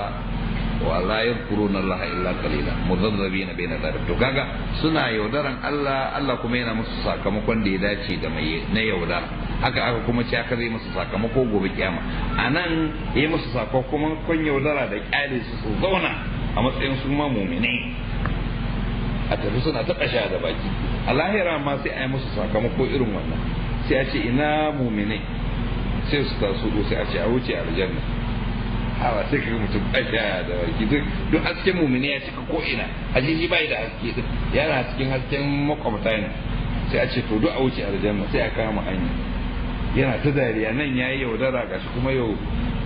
ولا يذكرون الله إلا قليلا مذبذبين بين ذلك to gaga suna yaudaran Allah Allah kuma yana musu sakamakon da ya dace da mai na yaudara haka aka kuma ci aka zai musu sakamako gobe kiyama anan yi musu sakamakon yaudara da kyale su su zauna a matsayin su ma mumine a tafi suna ta kasha da baki a lahira ma sai a musu sakamako irin wannan sai a ce ina mumine sai su taso ko sai a ce a wuce aljanna hawa sai kaga mutum aja da warki duk duk hasken mumini ya cika ko ina aji shi bai da haske duk yana cikin hasken makwabta ne sai a ce to duk a wuce aljanna sai a kama hanya yana ta dariya nan yayi yaudara gashi kuma yau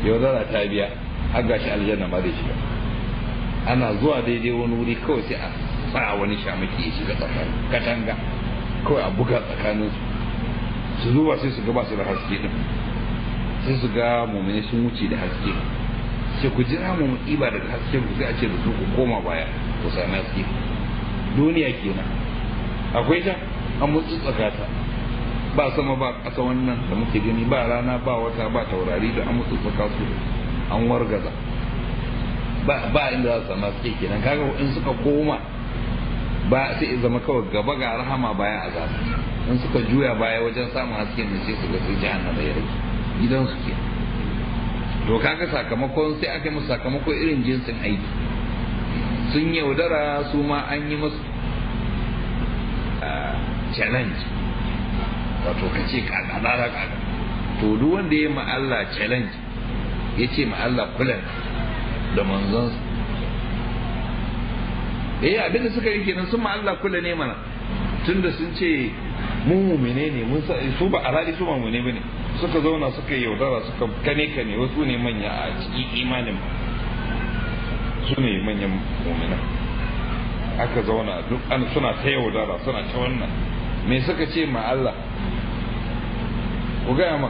yaudara ta biya har gashi aljanna ba zai shiga ana zuwa daidai wani wuri kawai sai a sa wani shamaki ya shiga tsakanin katanga kawai a buga tsakaninsu su zuba sai su gaba su da haske din sai su ga mummune sun wuce da haske sai ku jira mu iba daga haske ku sai a ce da su ku koma baya ku sami haske duniya kenan akwai ta an mutsu tsakata ba sama ba ƙasa wannan da muke gani ba rana ba wata ba taurari da an mutu tsaka su an wargaza ba inda za su sami haske kenan kaga in suka koma ba sai zama kawai gaba ga rahama baya azaba in suka juya baya wajen samun haske ne sai su ga sai jahannama na bayyana gidansu ke to kaga sakamakon sai aka yi musu sakamako irin jinsin aiki sun yaudara su ma an yi musu challenge wato ka ce kakadara kaka to duk wanda ya ma'alla challenge ya ce ma'alla kulan da manzansa eh abinda suka yi kenan sun ma'alla kula ne mana tunda sun ce mun mumine ne mun su ba alhali su mumine bane suka zauna suka yaudara suka kane kane wasu ne manya a cikin imanin su ne manyan mumina aka zauna duk an suna ta yaudara suna ta wannan me suka ce ma Allah ku gaya ma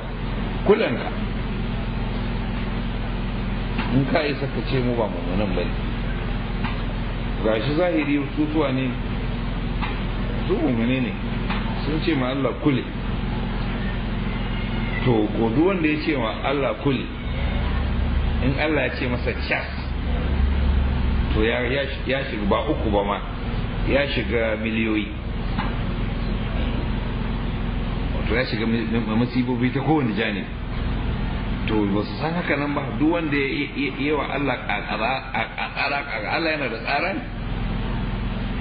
kulanka in ka isa suka ce mu ba mumunan bane gashi zahiri tutuwa ne su umune ne sun ce ma Allah kule to godu wanda ya ce ma Allah kule in Allah ya ce masa cas to ya shiga ba uku ba ma ya shiga miliyoyi wato ya shiga masibobi ta kowane jani to ba su san haka nan ba duk wanda ya yi wa Allah ƙaƙara Allah yana da tsara ne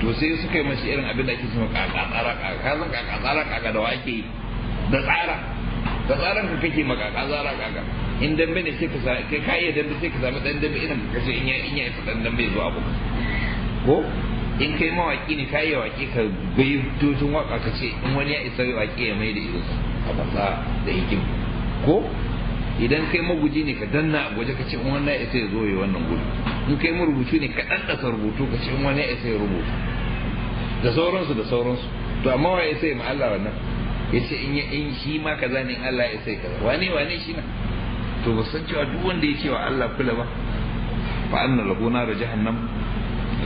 to sai suka yi mashi irin abin da ake cewa kakatsara kakazan kakatsara kaka da wake da tsara da tsaran ka kake makakatsara kaka in dambe ne sai ka sa kai ka idan dambe sai ka sami dan dambe irin ka kace in ya in ya isa dan dambe zuwa abu ko in kai mawaki ne kai ya waki ka bai tutun waka ka ce in wani ya isa waki ya mai da ido a da hikim ko idan kai maguji ne ka danna a gwaje ka ce wannan ya sai zo ya wannan gudu in kai rubutu ne ka ɗanɗaka rubutu ka ce wannan ya sai rubuta da sauransu da sauransu to amma wa ya sai ma Allah wannan ya ce in in shi ma kaza ne in Allah ya sai kaza wane wane shi na to ba san cewa duk wanda ya ce wa Allah kula ba fa anna lahu nar jahannam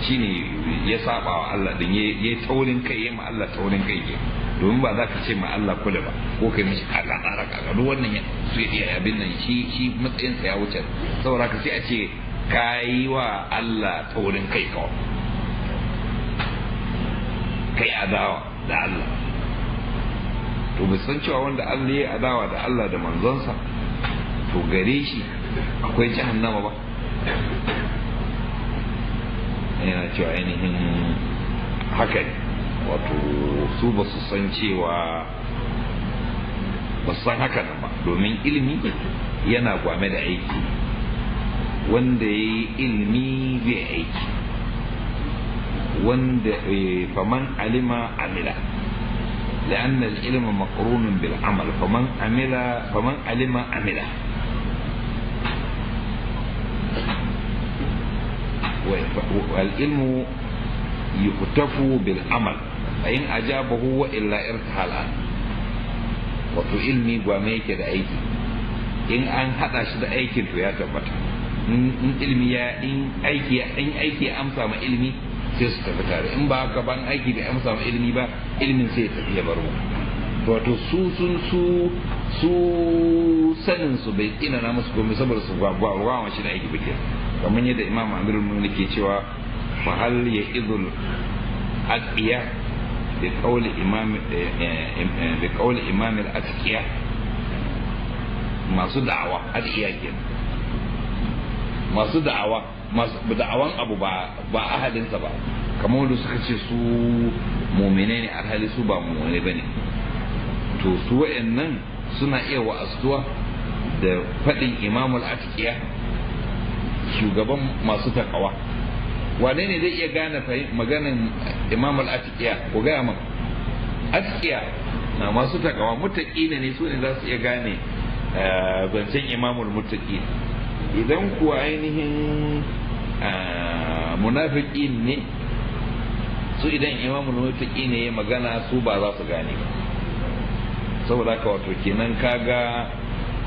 shine ya saba wa Allah din yayi taurin kai ya ma Allah taurin kai kenan domin ba za ka ce ma Allah kula ba ko kai mishi kaga tsara kaga duk wannan ya su iya abin nan shi shi matsayin sa ya wuce saboda ka sai a ce kai wa Allah taurin kai kawai kai adawa da Allah to bi san cewa wanda Allah ya adawa da Allah da manzonsa to gare shi akwai jahannama ba yana cewa ainihin haka ne wato su ba su san cewa ba su san haka nan ba domin ilimi yana gwame da aiki wanda ya yi ilimi zai aiki wanda eh, faman alima amila لأن العلم مقرون بالعمل فمن عمل فمن علم عمله والعلم يكتف بالعمل ayin ajabahu wa illa an wato ilmi gwame yake da aiki in an hada shi da aikin to ya tabbata in ilmi ya in aiki in aiki ya amsa ma ilmi sai su tafi tare in ba ka ban aiki da amsa ma ilmi ba ilmin sai ya tafi ya bar wato su sun su su sanin su bai ina na musu komai saboda su ba ruwa shi da aiki bake kamar yadda imam amirul mu'minin ke cewa fa hal ya idul aqiya Da إمام بقول إمام masu da'awa adiya kenan masu da'awa masu da'awan abu ba ba ahalinsa ba kamar wanda suka ce su mumine ne alhali su ba mumine bane to su wayannan suna iya wa'astuwa da faɗin imamul atqiya shugaban masu takawa wane ne zai iya gane maganan imam al-atiqiya ku gaya mu atiqiya na masu takawa mutaki ne su ne za su iya gane eh, zancen al mutaki idan kuwa ainihin eh, munafiki ne su idan al mutaki ne ya magana su ba za su gane ba saboda haka wato kenan kaga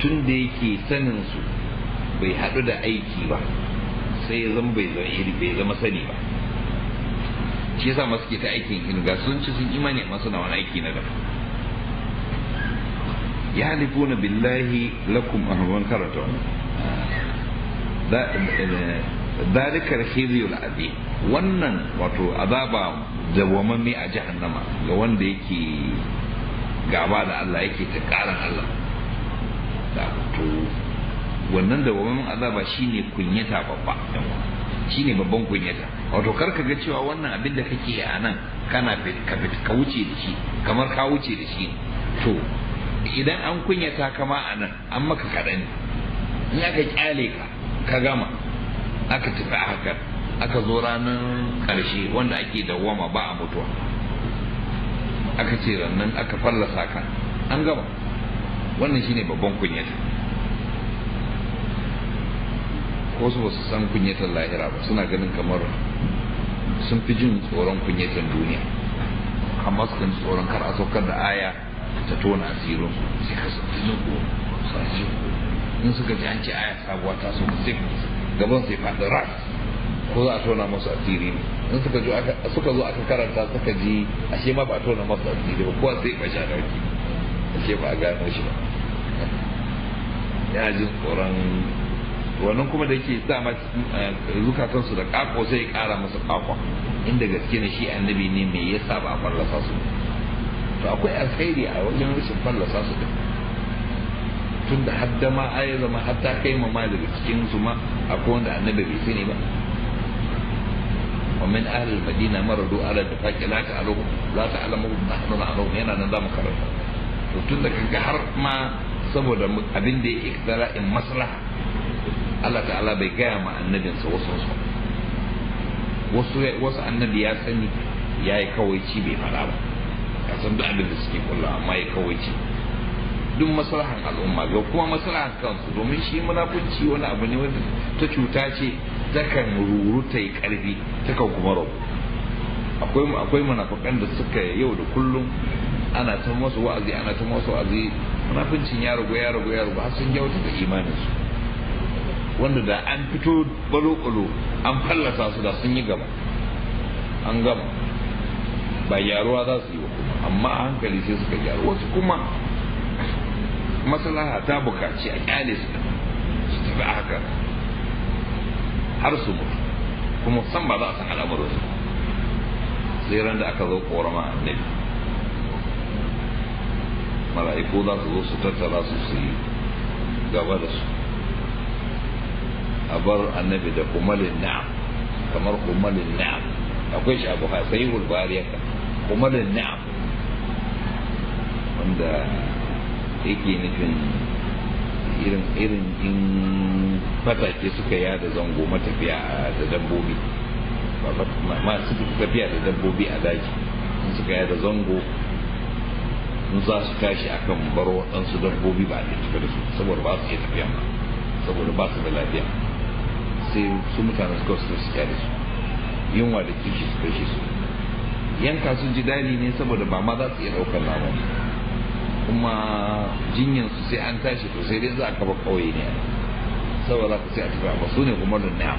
tun da yake sanin su bai haɗu da aiki ba sai ya zama bai zama iri eh, bai zama sani ba shi yasa masu ke ta aikin in ga sun ci sun imani amma suna wani aiki na dafa ya halifuna billahi lakum a hannun karatun eh, dalikar khiziyul abi wannan wato azaba dawwamamme a jahannama ga wanda yake gaba da Allah yake ta karan Allah da wannan da wani azaba shine kunyata babba shine babban kunyata wato kar ka ga cewa wannan abin da kake a nan kana ka wuce da shi kamar ka wuce da shi to idan an kunyata kama a nan an maka kaɗan in aka kyale ka ka gama aka tafi a haka aka zo ranar ƙarshe wanda ake dawama ba a mutuwa aka ce rannan aka fallasa ka an gama wannan shine babban kunyata wasu ba su san kunyatar lahira ba suna ganin kamar sun fi jin tsoron kunyatar duniya amma su kan tsoron kar a saukar da aya ta tona asirin sai ka sun zuko sashi in suka ji an ce aya sabuwa ta so sai gaban sai faɗi ras ko za a tona masu asiri ne in suka zo aka karanta suka ji ashe ma ba a tona masu asiri ba kowa sai ɓace a A ashe ba a gano shi ba Ya jin tsoron wannan kuma da yake sa eh, zukatan su da kako sai ya kara masa kakwa inda gaske ne shi annabi ne mai yasa ba a fallasa su to akwai alkhairi a wajen rashin fallasa su din tunda hadda ma ai zama hatta kai ma ma daga cikin su ma akwai wanda annabi bai sani ba ومن أهل المدينة مردوا على الدفاق لا تعلمهم لا تعلمهم نحن نعلمهم هنا نظام كرم وتندك har ما سبب abin da ya ikhtara in Allah ta'ala bai gaya ma annabinsa wasu wasu wasu annabi ya sani ya yi kawaici bai fara ba ya san duk abin da suke kula amma ya kawaici duk maslahan al'umma ga kuma maslahan kansu domin shi munafunci wani abu ne wanda ta cuta ce takan ruru ta yi karfi kan kuma rabu akwai akwai munafukan da suka yau da kullum ana ta masu wa'azi ana ta masu wa'azi munafuncin ya ragu ya ragu ya ragu har sun ta da imaninsu wanda da an fito balo-balo an fallasa su da sun yi gaba an gama ba yaruwa za su yi wa kuma amma a hankali sai suka gyaru wasu kuma maslaha ta bukaci a kyale su su tafi a haka har su mutu kuma san ba za a san al'amuransu sai ran da aka zo korama annabi mala'iku za su zo su tattara su su yi gaba da su a bar annabi da kumalin na'am kamar kumalin na'am akwai shi abu sai bulbari yaka kumalin na'am wanda yake nufin irin irin in fatake suka yada zango matafiya da dabbobi masu tafiya da dabbobi a daji suka yada zango in za su tashi akan baro waɗansu dabbobi ba a cika da su saboda ba su iya tafiya ba saboda ba su da lafiya sai su mutane suka su su kare su yunwa da kishi su kashe su yanka su ji dali ne saboda ba ma za su iya ɗaukar lamu kuma jinyar su sai an tashi to sai dai za a kafa ƙauye ne saboda ku sai a tafi amma su ne kuma na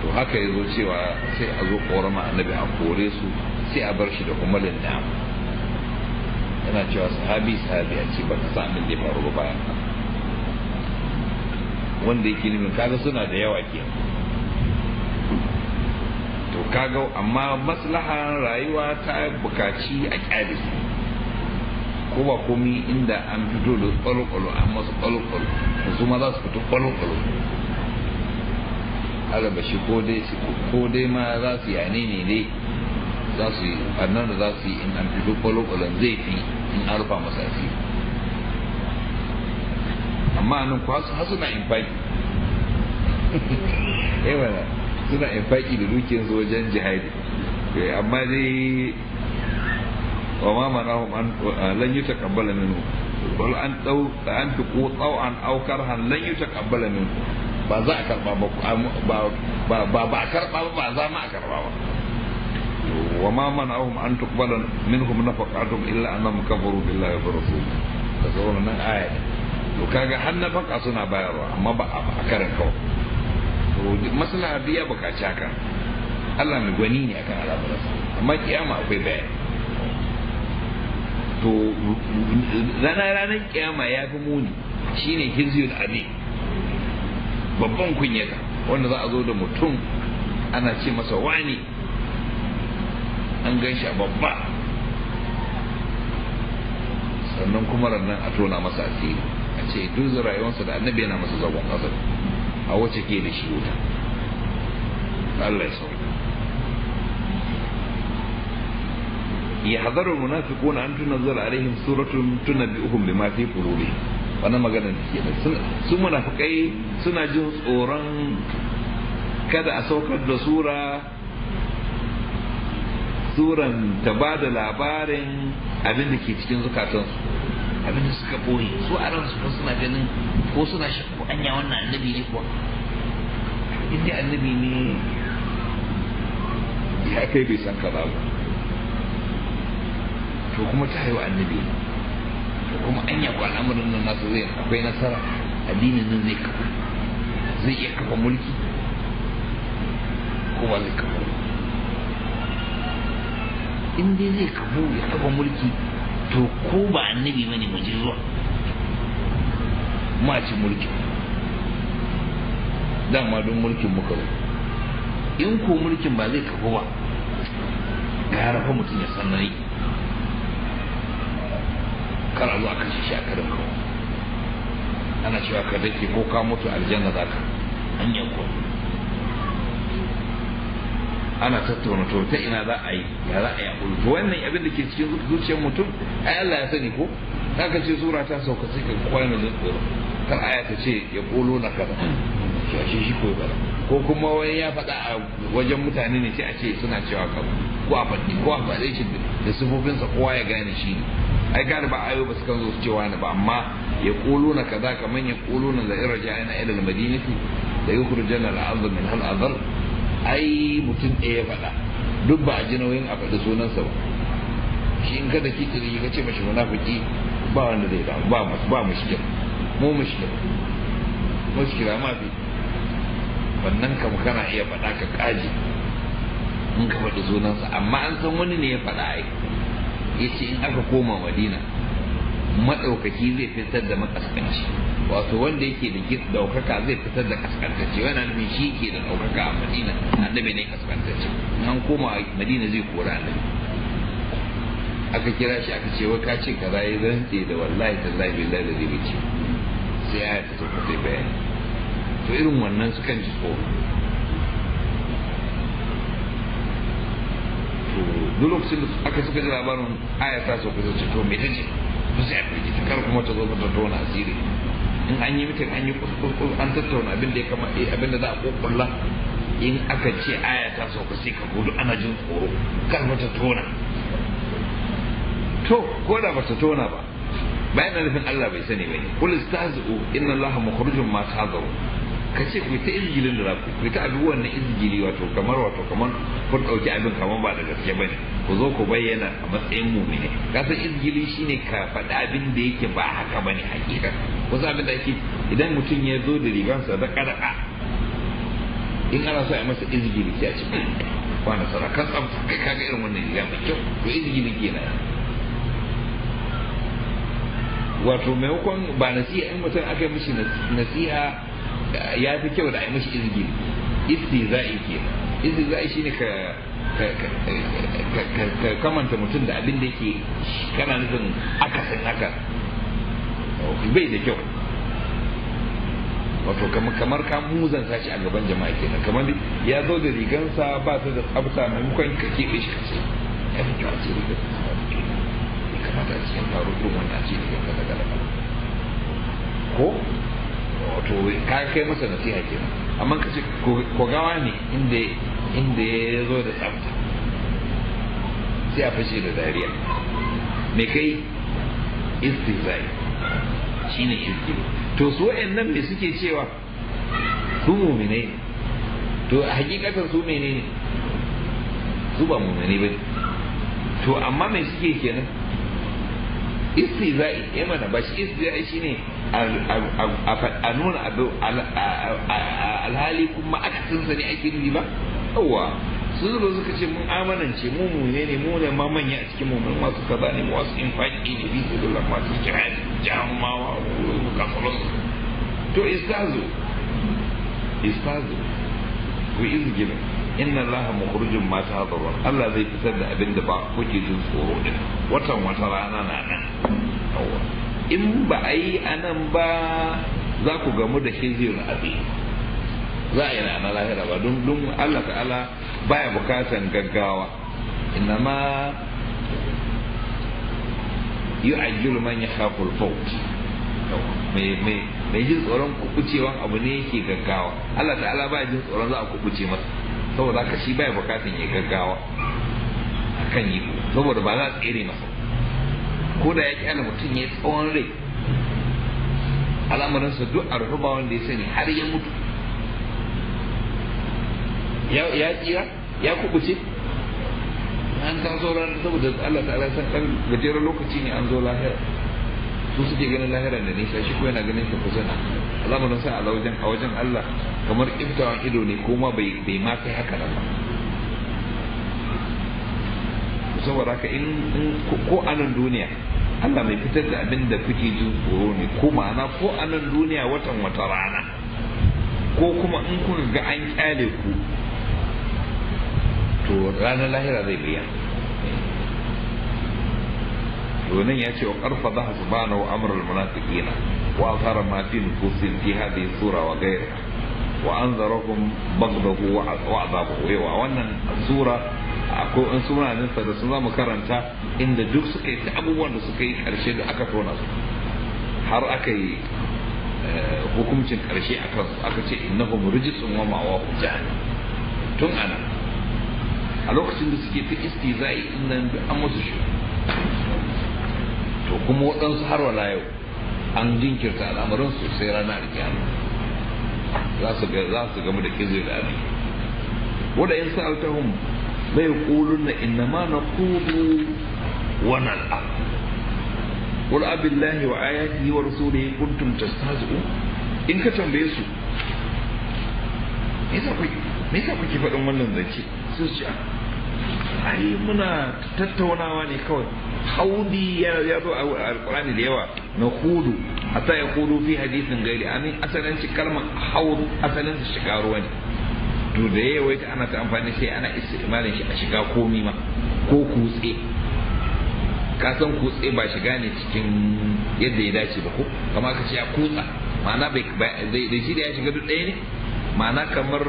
to haka ya zo cewa sai a zo ƙorama annabi a kore su sai a bar shi da kuma na yana cewa sahabi sahabi a ci ba ka da ya faru ba bayan haka wanda yake nufin kaga suna da yawa ke to kaga amma maslahar rayuwa ta bukaci a kyale ko ba komi inda an fito da kwalokwalo an masu kwalokwalo su ma za su fito kwalokwalo alaba shi ko dai ma za su yane ne dai za su yi annan da za su yi in an fito kwalokwalo zai fi in an masu asiri amma nan ku har suna infaki eh wala suna infaki da dukiyar su wajen jihadi eh, amma dai wa ma manahum an lan yi takabbala minhu wal an taw an tuqu taw'an aw karhan lan yi takabbala minhu ba za a karba ba ba ba ba karba ba ba za ma a karba ba wa ma manahum an tuqbala minhum nafaqatuhum illa annahum kafaru billahi wa rasulihi da nan aya to kaga har na baka suna bayarwa amma ba a karin kawai to maslaha biya bukaci haka Allah mai gwani ne akan al'amuransa amma kiyama akwai bayan to rana ranar kiyama ya fi muni shine hizyul abi babban kunyata wanda za a zo da mutum ana ce masa wani an gan shi a babba sannan kuma rannan a tona masa asiri ce duk rayuwarsa da annabi yana masa zagon ƙasa a wacce ke da shi wuta Allah ya sauka ya yahzaru munafiquna an tunzal alaihim suratun tunabbi'uhum bima fi qulubihim wannan magana ne ke da su munafikai suna jin tsoron kada a saukar da sura suran ta ba da labarin abin da ke cikin zukatansu abin da suka boye su a ransu ko suna ganin ko suna ko anya wannan annabi ne kuwa inda annabi ne ya kai bai san ka ba to kuma ta wa annabi ne to kuma anya ko al'amarin nan nasu zai akwai nasara addinin nan zai kafa zai iya kafa mulki ko zai kafa in dai zai kafu ya kafa mulki to ko ba annabi bane mu ji zuwa ma ci mulki dama don mulkin muka ba in ko mulkin ba zai kafa ba gara fa mutum ya san nai kar a zo a kashe shi a karin kawo ana cewa ka dake ko ka mutu aljanna zaka hanyar kuwa ana tattauna to ta ina za a yi ya za a yi abu to wannan abin da ke cikin zuciyar mutum ai Allah ya sani ko haka ce sura ta sauka cikin ka kwana da tsoro kar aya ta ce ya kolo na kaza to shi shi ko ba ko kuma wani ya faɗa a wajen mutane ne sai a ce suna cewa ka ko a faɗi ko a faɗe shi da sa kowa ya gane shi ne ai gane ba ayo ba su kan zo su cewa ni ba amma ya kolo na kaza kaman ya kolo na da iraja ina ilal madinati da yukhrijana al-ardh hal adar ai mutum ɗaya ya faɗa duk ba a ji nauyin a faɗi sunansa ba shi in kada ki tsiri ka ce mashi munafiki ba wanda zai damu ba mu ba mushkil mu mu mushkila ma fi wannan kam kana iya faɗa ka kaji in ka faɗi sunansa amma an san wani ne ya faɗa ai yace in aka koma madina maɗaukaki zai fitar da makaskanci wato wanda yake da ɗaukaka zai fitar da kaskantacce wannan nufin shi ke da ɗaukaka a madina annabi ne kaskantacce an koma madina zai kora ne. aka kira shi aka ce wai ka ce kaza ya rantse da wallahi tallahi billahi da zai ce sai ya ta ka sai bayani to irin wannan sukan ji tsoro to duk lokacin da aka suka ji labarin aya ta so ku ce to me ta ba sai a ta kar kuma ta zo mata tona asiri in an yi mutum an yi kuskus an tattauna abin da ya kama eh, abin da za a kokulla in aka ce aya ta sauka sai ka gudu ana jin tsoro kar mata tona to ko da bata tona ba bayan nufin Allah bai sani bane kul istahzu inna allaha mukhrijum ma tazaru ka ce ku ta izgilin da za ku ta abi wannan izgili wato kamar wato kamar kun dauki abin kamar ba da gaske bane ku zo ku bayyana a matsayin mu ne ka san izgili shine ka faɗi abin da yake ba haka bane hakika ku san abin da ake idan mutum ya zo da rigansa da ƙara'a in ana so a masa izgili ya ce wani hmm, kan tsafta kai kaga irin wannan riga mai kyau to izgili kenan wato maimakon ba nasiha in mutum aka yi mishi nasiha ya fi kyau da a yi mashi izgil istiza'i ke istiza'i shine ka ka kamanta mutum da abin da yake kana nufin akasin haka bai da kyau wato kamar ka muzan sashi a gaban jama'a kenan kamar ya zo da rigansa ba su da mai mukan ka keɓe shi kace ya fi kyau a ce rigar kamata a cikin faru irin wannan a ce rigar ka ko wato ka kai masa nasiha kenan amma ka ne inda inda ya a fashe da dariya to su wayannan me suke cewa su mu'minai to a hakikatar su menene su ba mu'minai bane to amma me suke kenan istizai ya eh mana ba shi istizai shine a nuna abu alhali kuma akasinsa ne ake nufi ba yawa su zuba suka ce mun amanance mu mu ne mu ne ma manya a cikin mummun masu kaza ne masu infaki ne bi su dole masu jihadi jamawa kafalos to istazo istazo ku izgina inna Allah mukhrijun ma tahdharun Allah zai fitar da abin da ba kuke jin tsoro din watan wata rana na nan in ba a yi anan ba za ku gamu da shi zai rabe za a yi na lahira ba don don Allah ta'ala baya bukatan gaggawa innama yu'ajjilu man yakhafu al-fawt mai mai mai jin tsoron kukucewa abu ne yake gaggawa Allah ta'ala baya jin tsoron za a kukuce masa saboda haka shi bai bukatun ya gaggawa kan yi saboda ba za a tsere masa ko da ya kyana mutum ya tsawon rai al'amuransa duk a rufe ba wanda ya sani har ya mutu ya tsira ya kubuce an san sauran saboda Allah ta'ala san kan gajeren lokaci ne an zo lahira su suke ganin lahira da nisa shi ko yana ganin ta kusa na al'amarin sa a wajen a wajen Allah kamar iftawan ido ne ko ma bai bai ma kai haka ba saboda haka in ko anan duniya Allah mai fitar da abin da kuke jin tsoro ne ko ma'ana ko anan duniya watan wata rana ko kuma in kuka ga an kyale ku to ranar lahira zai bayyana domin ya ce wa karfa za su bana wa amurar munafiqina wa azhara ma fi nufusin fi hadhihi sura wa ghayriha wa anzarahum baghdahu wa azabahu wa wannan sura akwai in sunanin sa da su zamu karanta inda duk suka yi abubuwan da suka yi karshe da aka tona su har aka yi eh, hukuncin karshe akan su aka ce ina innahum rijsun wa ma'awahu jahannam tun ana a lokacin da suke ta istizai in nan an musu shi to kuma waɗansu har wala yau an jinkirta al'amuransu sai rana da za su za su gamu da kizo da abi wanda in sa'altahum bai quluna na kudu wa nal'ab qul abillahi wa ayati wa rasulihi kuntum tastahzi'un in ka tambaye su me yasa kuke me yasa kuke faɗin wannan zance sai su ce ai muna tattaunawa ne kawai haudi ya zo a alkurani da yawa na hudu A ta ya hudu fi hadisin gari. amin asalin shi kalmar haud asalin shi shiga ruwa ne to da yawaita ana ta amfani sai ana istimalin shi a shiga komi ma ko kutse ka san kutse ba shiga ne cikin yadda ya dace ba ko kama ka ce ya kutsa ma'ana bai da shi da ya shiga duk ɗaya ne ma'ana kamar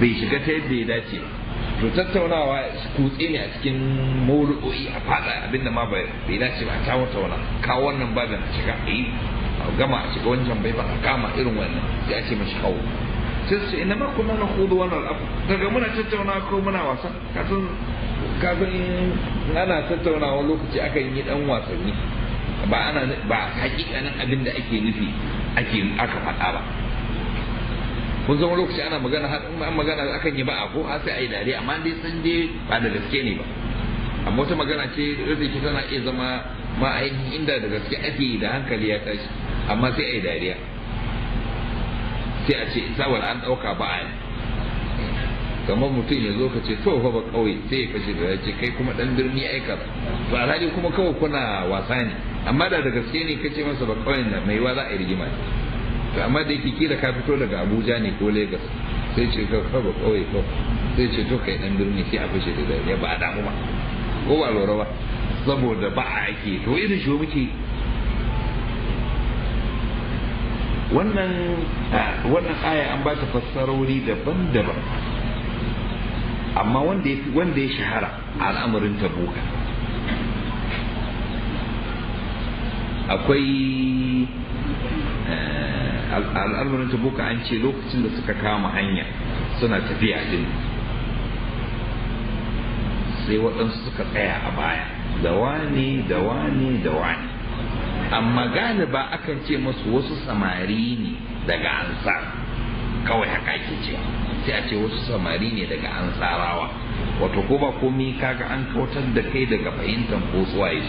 bai shiga ta yadda ya dace ba to tattaunawa kutse ne a cikin mawudu'o'i a fada abinda ma bai dace ba a kawo tauna kawo wannan babin a shiga a yi a gama a shiga wancan bai ba a kama irin wannan sai a ce mashi kawo sai su ina ma kuna na hudu wannan abu daga muna tattauna ko muna wasa kasan kafin ana tattaunawa lokaci akan yi dan wasanni ba ana ba hakikanin abin da ake nufi ake aka faɗa ba kun zama lokaci ana magana har in an magana akan yi ba'a ko har sai a yi dare amma dai san dai ba da gaske ne ba amma wata magana ce da ke tana iya zama ma ainihin inda da gaske ake yi da hankali ya tashi amma sai a yi dariya sai a ce saboda an ɗauka ba a yi kamar mutum ya zo ka ce to fa ba kawai sai ya fashe da ce kai kuma dan birni ai ka ba alhali kuma kawai kuna wasa ne amma da da gaske ne kace masa ba kawai da mai wa za a yi rigima ne to amma da yake kila ka fito daga abuja ne ko lagos sai ce ka kaba kawai ko sai ce to kai dan birni sai a fashe da ya ba a damu ba ko ba lura ba saboda ba a ake to irin shi muke wannan wannan aya an ba ta fassarori daban-daban amma wanda wanda ya shahara al'amarin tabuka akwai eh, al'amarin tabuka an ce lokacin da suka kama hanya suna tafiya din sai waɗansu suka tsaya a baya da wani da wani da wani amma galiba akan ce masu wasu samari ne daga ansar kawai haka ake ce sai a ce wasu samari ne daga ansarawa wato ko ba komi kaga an kautar da kai daga fahimtar ko suwaye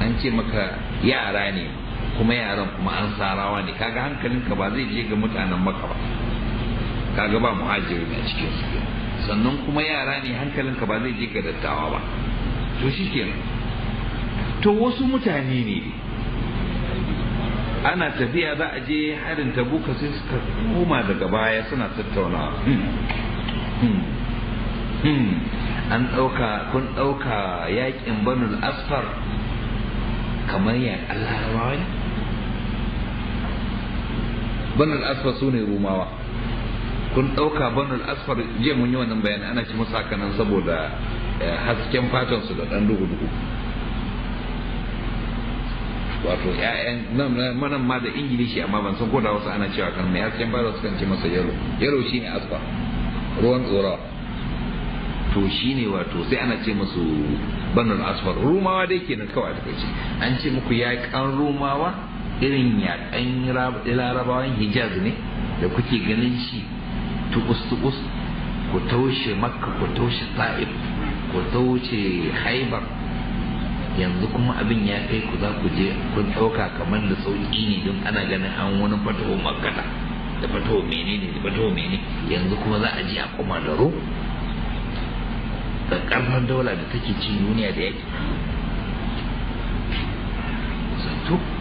an ce maka yara ne kuma yaran kuma an sarawa ne kaga hankalinka ba zai je ga mutanen maka ba kaga ba muhajiri a cikin su sannan kuma yara ne hankalinka ba zai je ga dattawa ba to shikenan to wasu mutane ne ana tafiya za a je harin tabuka sai suka koma daga baya suna tattaunawa hmm. Hmm. Hmm. an ɗauka kun ɗauka yaƙin banul asfar kamar ya Allah rawani banul asfar su ne rumawa kun ɗauka banul asfar jiya mun yi wannan bayani ana ci musu haka saboda eh, hasken fatan su da ɗan dugu-dugu wato ƴaƴan nan manan ma da ingilishi amma ban san ko da wasu ana cewa kan mai hasken fata su kan ce masa yaro yaro shine asfar ruwan tsoro to shine wato sai ana ce musu banul asfar rumawa dai kenan kawai a takaice an ce muku ya kan rumawa irin yaƙan larabawan hijaz ne da kuke ganin shi tukus-tukus ku taushe makka ku taushe ta'ib ku taushe haibar yanzu kuma abin ya kai ku za ku je kun ɗauka kamar da sauƙi ne don ana ganin an wani fatawo makata da mene ne da fatawo mene yanzu kuma za a ji a kuma da ro da ƙarfin daula da take cin duniya da yake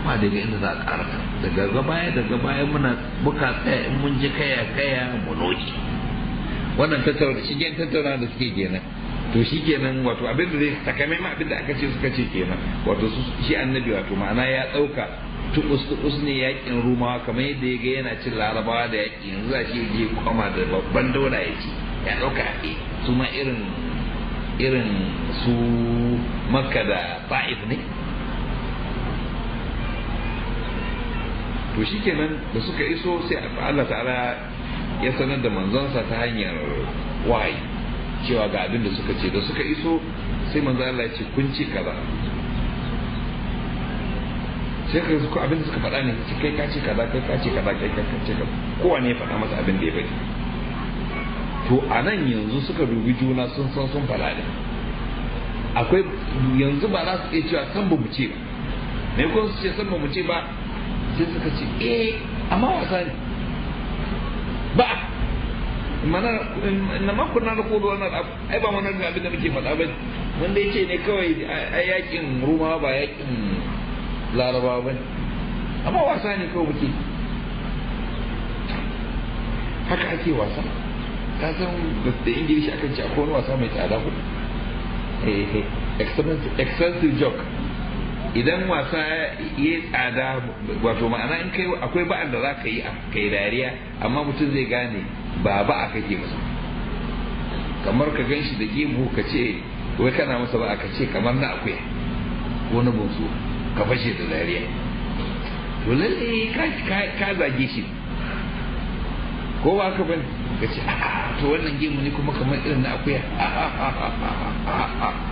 ba daga inda za a ƙara daga gabaya daga baya muna buka tsaye in mun ji kaya kaya mu noki wannan tattauna shigen tattauna da suke kenan to shi kenan wato abin da zai takamaiman abin da aka ce suka ce kenan wato shi annabi wato ma'ana ya ɗauka tukus tukus ne yakin rumawa kamar yadda ya ga yana cin larabawa da yaki yanzu za shi je kwama da babban daula ya ci ya ɗauka su ma irin irin su makka da ta'if ne to shikenan da suka iso sai Allah ta'ala ya sanar da manzonsa ta hanyar wayi cewa ga abin da suka ce da suka iso sai manzo Allah ya ce kun ci kaza sai ka zuku abin da suka faɗa ne ce kai ka ce kaza kai ka ce kaza kai ka ce kaza kowane ya faɗa masa abin da ya bari. to a nan yanzu suka dubi juna sun san sun faɗa ne akwai yanzu ba za su iya cewa san ba mu ce ba me kun su ce san ba mu ce ba sai suka ce eh amma wasa ne ba mana na ma kunna da kodo wannan ai ba wannan da abin da muke faɗa ba wanda yake ne kawai ai yakin ruma ba yakin laraba ba amma wasa ne kawai muke haka ake wasa ka san da ingilishi akan ci akwai wani wasa mai tsada kuɗi eh, eh expensive joke idan wasa ya tsada wato ma'ana in kai akwai ba'an da za ka yi kai dariya amma mutum zai gane ba ba a kake masa kamar ka gan shi da gibu ka ce wai kana masa ba a ka ce kamar na akuya ko na bunsu ka fashe da dariya to lalle ka zage shi ko ba ka bane ka ce to wannan gemu ne kuma kamar irin na akuya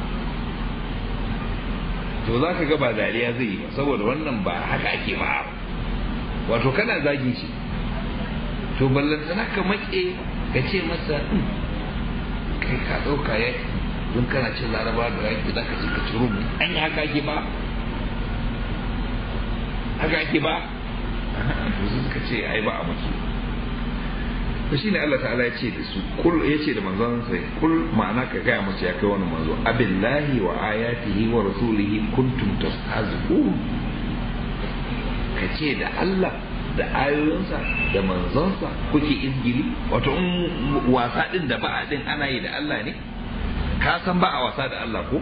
to za ka gaba dariya zai yi saboda wannan ba haka ake ba wato kana zagin shi to ballantana ka maƙe ka ce masa hmm, kai ka ɗauka ya don kana cin laraba da yaki za ka ce ka turu rubu an yi haka ake ba haka ake ba to ka ce ai ba a mutu to ne Allah ta'ala ya ce da su kul ya ce da manzon sai kul ma'ana ka gaya musu ya kai wani manzo abillahi wa ayatihi wa rasulihi kuntum tastahzi'un ka ce da Allah da ayoyinsa da manzonsa kuke izgili wato in wasa din da ba'a din ana yi da Allah ne ka san ba a wasa da Allah ko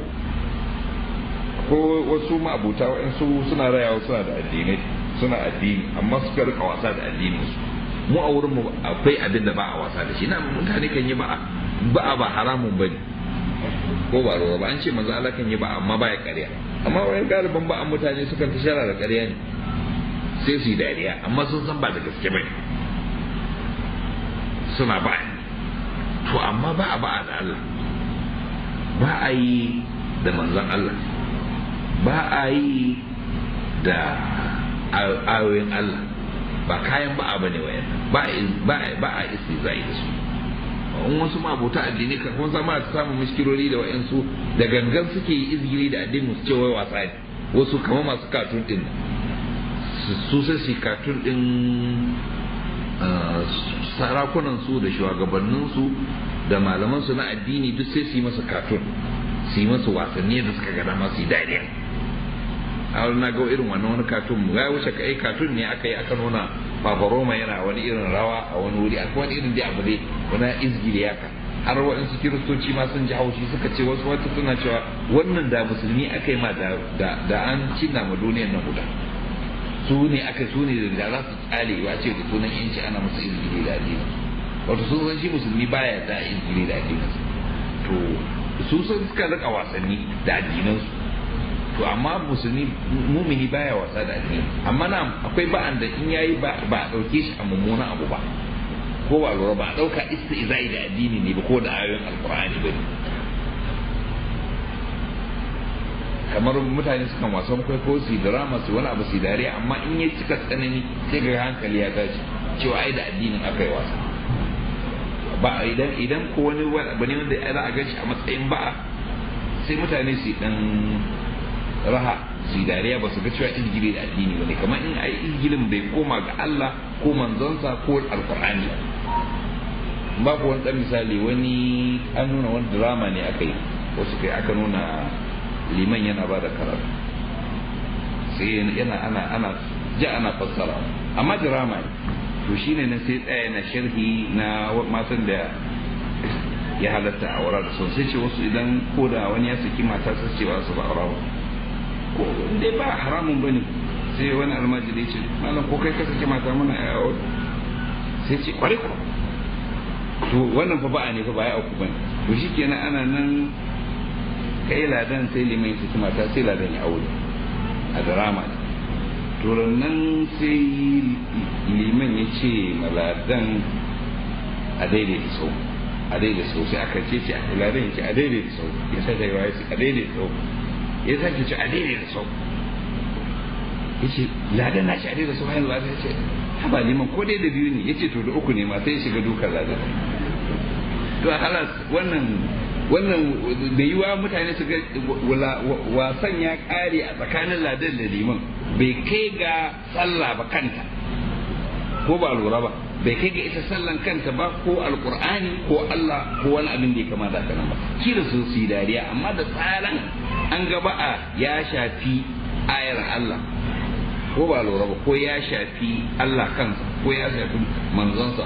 ko wasu ma'abuta wa'insu suna rayawa suna da addinai suna addini amma suka rika wasa da addinin su mu a wurin mu akwai abin da ba a wasa da shi na mutane kan yi ba ba ba haramun ne ko ba ruwa ba an ce manzo Allah kan yi ba amma ba ya ƙarya amma wani galiban a mutane sukan ta shara da ƙarya ne sai su yi dariya amma sun san ba da gaske ne suna ba'a to amma ba a ba a da Allah ba a yi da manzon Allah ba a yi da ayoyin Allah ba kayan ba'a ba ne wayan ba a za'i da su in wasu abota addini ka kuma zama a samun muskiloli da wayansu da gangan suke yi izgiri da addini su wai wasa ne wasu kamar masu katun din su sai su katun din ah, sarakunan su da shugabannin su da malaman su na addini duk sai su yi masa katun su yi masa wasanni da suka gada masu dariya a na ga irin wannan wani katun ya wuce kai katun ne aka yi aka nuna fafaroma yana wani irin rawa a wani wuri akwai wani irin da abu ne wani izgiri yaka har waɗansu kiristoci ma sun ji haushi suka ce wasu wata suna cewa wannan da musulmi aka yi ma da an cinna ma duniyar na guda su ne aka su ne da za su tsale wa ce da sunan yanci ana musu izgiri da addini wato sun san shi musulmi baya da izgiri da addini to su sun suka rika wasanni da addinansu to amma musulmi mumini baya wasa da ni amma na akwai ba'an da in yayi ba a dauke shi a mummuna abu ba ko ba lura ba a dauka istizai da addini ne ba ko da ayoyin alqur'ani ba kamar mutane sukan wasan kwaikwayo su drama su wani abu su dariya amma in ya cika tsanani sai ga hankali ya tashi cewa ai da addinin aka yi wasa ba idan idan ko wani abu ne wanda za a gan shi a matsayin ba sai mutane su dan raha su dariya ba su ga cewa izgili da addini ne kamar in ai izgilin bai koma ga Allah ko manzonsa ko alqur'ani babu wani dan misali wani an nuna wani drama ne aka yi wasu kai aka nuna liman yana ba da karatu sai yana ana ana ja ana fassara amma drama ne to shine na sai tsaya na sharhi na matan da ya halatta aura da sun sai ce wasu idan ko da wani ya saki mata sai ce ba su ba aura ba ko dai ba haramun bane sai wani almaji almajiri ce malam ko kai ka saki mata muna yawo sai ce kware ko to wannan fa ba'a ne fa ba ya auku bane to shikenan ana nan kai ladan sai limai ya saki mata sai ladan ya aure a drama to nan sai liman ya ce maladan a daidaita sau a daidaita sau sai aka ce ce ladan ya ce a daidaita sau ya sai da yawa ya ce a daidaita sau ya zaki ci a daidai da sau ya ce ladan na shi a daidai da sau hanyar ladan ya ce haba liman ko dai da biyu ne ya ce to da uku ne masu ya shiga duka ladan to halas wannan wannan da yiwa mutane su ga wasan ya kare a tsakanin ladan da liman bai kai ga sallah ba kanta ko ba lura ba bai kai ga ita sallan kanta ba ko alkur'ani ko Allah ko wani abin da ya kamata da kanan ba kira sun su yi dariya amma da tsarin an ga ba'a ya shafi ayar Allah ko ba lura ba ko ya shafi Allah kansa ko ya shafi manzonsa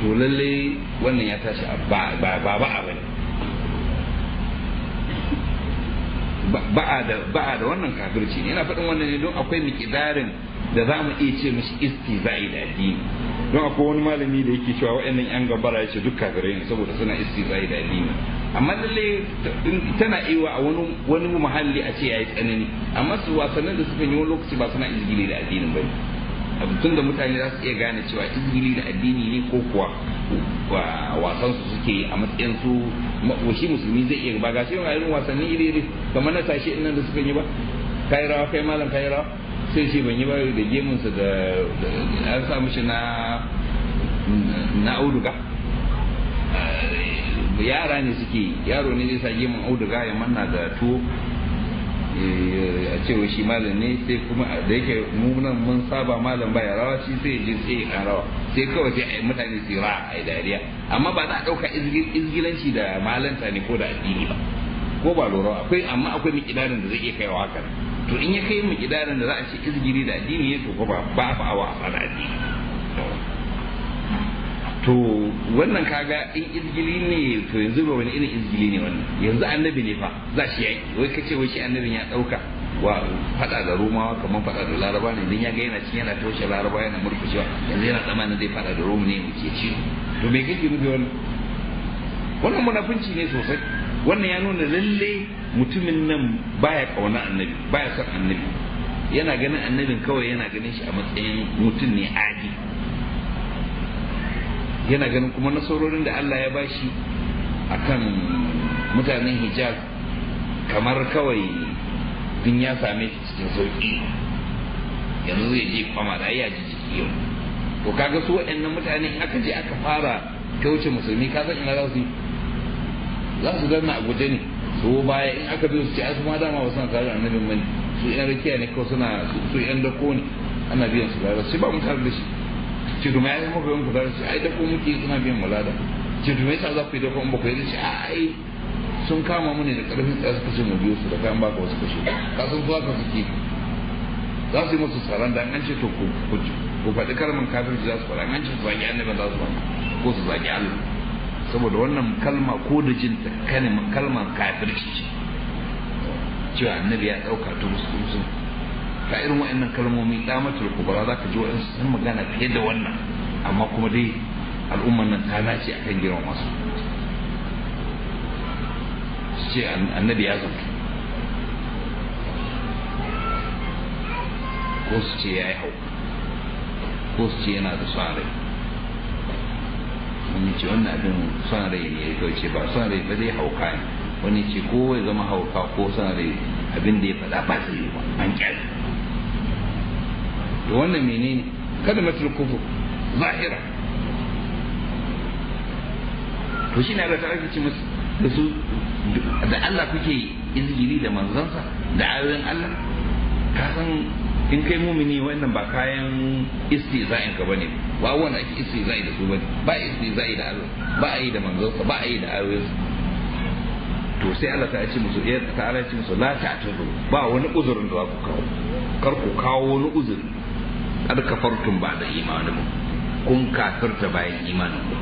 to lalle wannan ya tashi ba ba ba ne ba'a da wannan kafirci ne ina faɗin wannan ne don akwai mikidarin da za mu iya ce a istiza'i da addini don akwai wani malami da yake cewa wa'annan yan gabara ya ce duk kafirai ne saboda suna istiza'i da addini amma lalle tana iya a wani wani muhalli a ce yayi tsanani amma su wasannin da suka yi wani lokaci ba suna izgili da addinin bane tun da mutane za su iya gane cewa izgili da addini ne ko kuwa wasan su suke yi a matsayin su shi musulmi zai iya ba ga shi yin wasannin iri iri kamar na tashi nan da suka yi ba kai rawa kai malam kai rawa sai ce ban yi ba da gemunsa da an sa mishi na auduga eh, yara ne suke yaro ne zai sa gemun auduga ya manna da tuwo eh, a cewa shi malam ne sai kuma da yake munan mun saba malam ba ya rawa shi sai ya sai ya rawa sai kawai sai mutane su ra a dariya amma ba za a ɗauka izgilanci da malanta ne ko da addini ba ko ba lura akwai amma akwai mikidarin da zai iya kaiwa haka to in ya kai mikidarin da za a ce izgiri da addini ya to ko ba ba ba awa a da addini to wannan kaga in izgili ne to yanzu ba wani irin izgili ne wannan yanzu annabi ne fa za shi yaki wai kace wai shi annabin ya dauka wa fada da rumawa kamar fada da laraba ne idan ya ga yana cin yana toshe laraba yana murkushewa yanzu yana tsamanin zai fada da rumu ne muke ci to me kake nufi wannan wannan munafunci ne sosai wannan ya nuna lalle mutumin nan baya kauna annabi baya son annabi yana ganin annabin kawai yana ganin shi a matsayin mutum ne adi yana ganin kuma nasarorin da Allah ya bashi akan mutanen hijaz kamar kawai din ya same shi cikin sauki yanzu zai je kwama da ya ji jiki yau to kaga su waɗannan mutane aka je aka fara kauce musulmi ka san ina za su yi za su zanna a guje ne su baya in aka biyo su ce asu ma dama ba na tare annabin mani su yan rakiya ne kawai suna su yan dako ne ana biyan su gara sai ba mu tare da shi ce duma ma ya muka yanku tare da shi ai dako muke suna biyan mu ce duma ya sa za ku yi dako in ba ku yi da shi ai sun kama mu ne da karfin tsaya su ce mu biyo su da kayan baka wasu kashe ka sun zuwa ka suke za su yi musu tsaron da an ce to ku faɗi karamin kafirci za su faɗa an ce su zagi annabin za su faɗa ko su zagi allah saboda wannan kalma ko da jin jinta kalmar kalmar kafirci ce cewa annabi ya dauka ta musulunci ta irin wa'annan kalmomi damatul kubra ka ji wa'ansu sun magana fiye da wannan amma kuma dai al'umman nan ta nace akan girman wasu ce annabi ya zauki ko su ce ya yi hau ko su ce yana da sa rai wani ce wannan abin son rai ne ya ce ba son rai ba zai hauka ne wani ce ko ya zama hauka ko son rai abin da ya faɗa ba zai yi ba an kyale Da wannan menene kalmatul kufu zahira to shi shine Allah ta ce musu da su da Allah kuke izgiri da manzansa da ayoyin Allah ka san in kai mumini wannan ba kayan istiza'in ka bane ba wani ake istiza'i da su bane ba istiza'i da Allah ba a yi da manzonsa ba a yi da ayoyinsa to sai Allah ta ce musu eh ta Allah ce musu la ta'turu ba wani uzurin da ku kawo kar ku kawo wani uzuri kad kafartum ba da imanin kun kafirta bayan imanin ku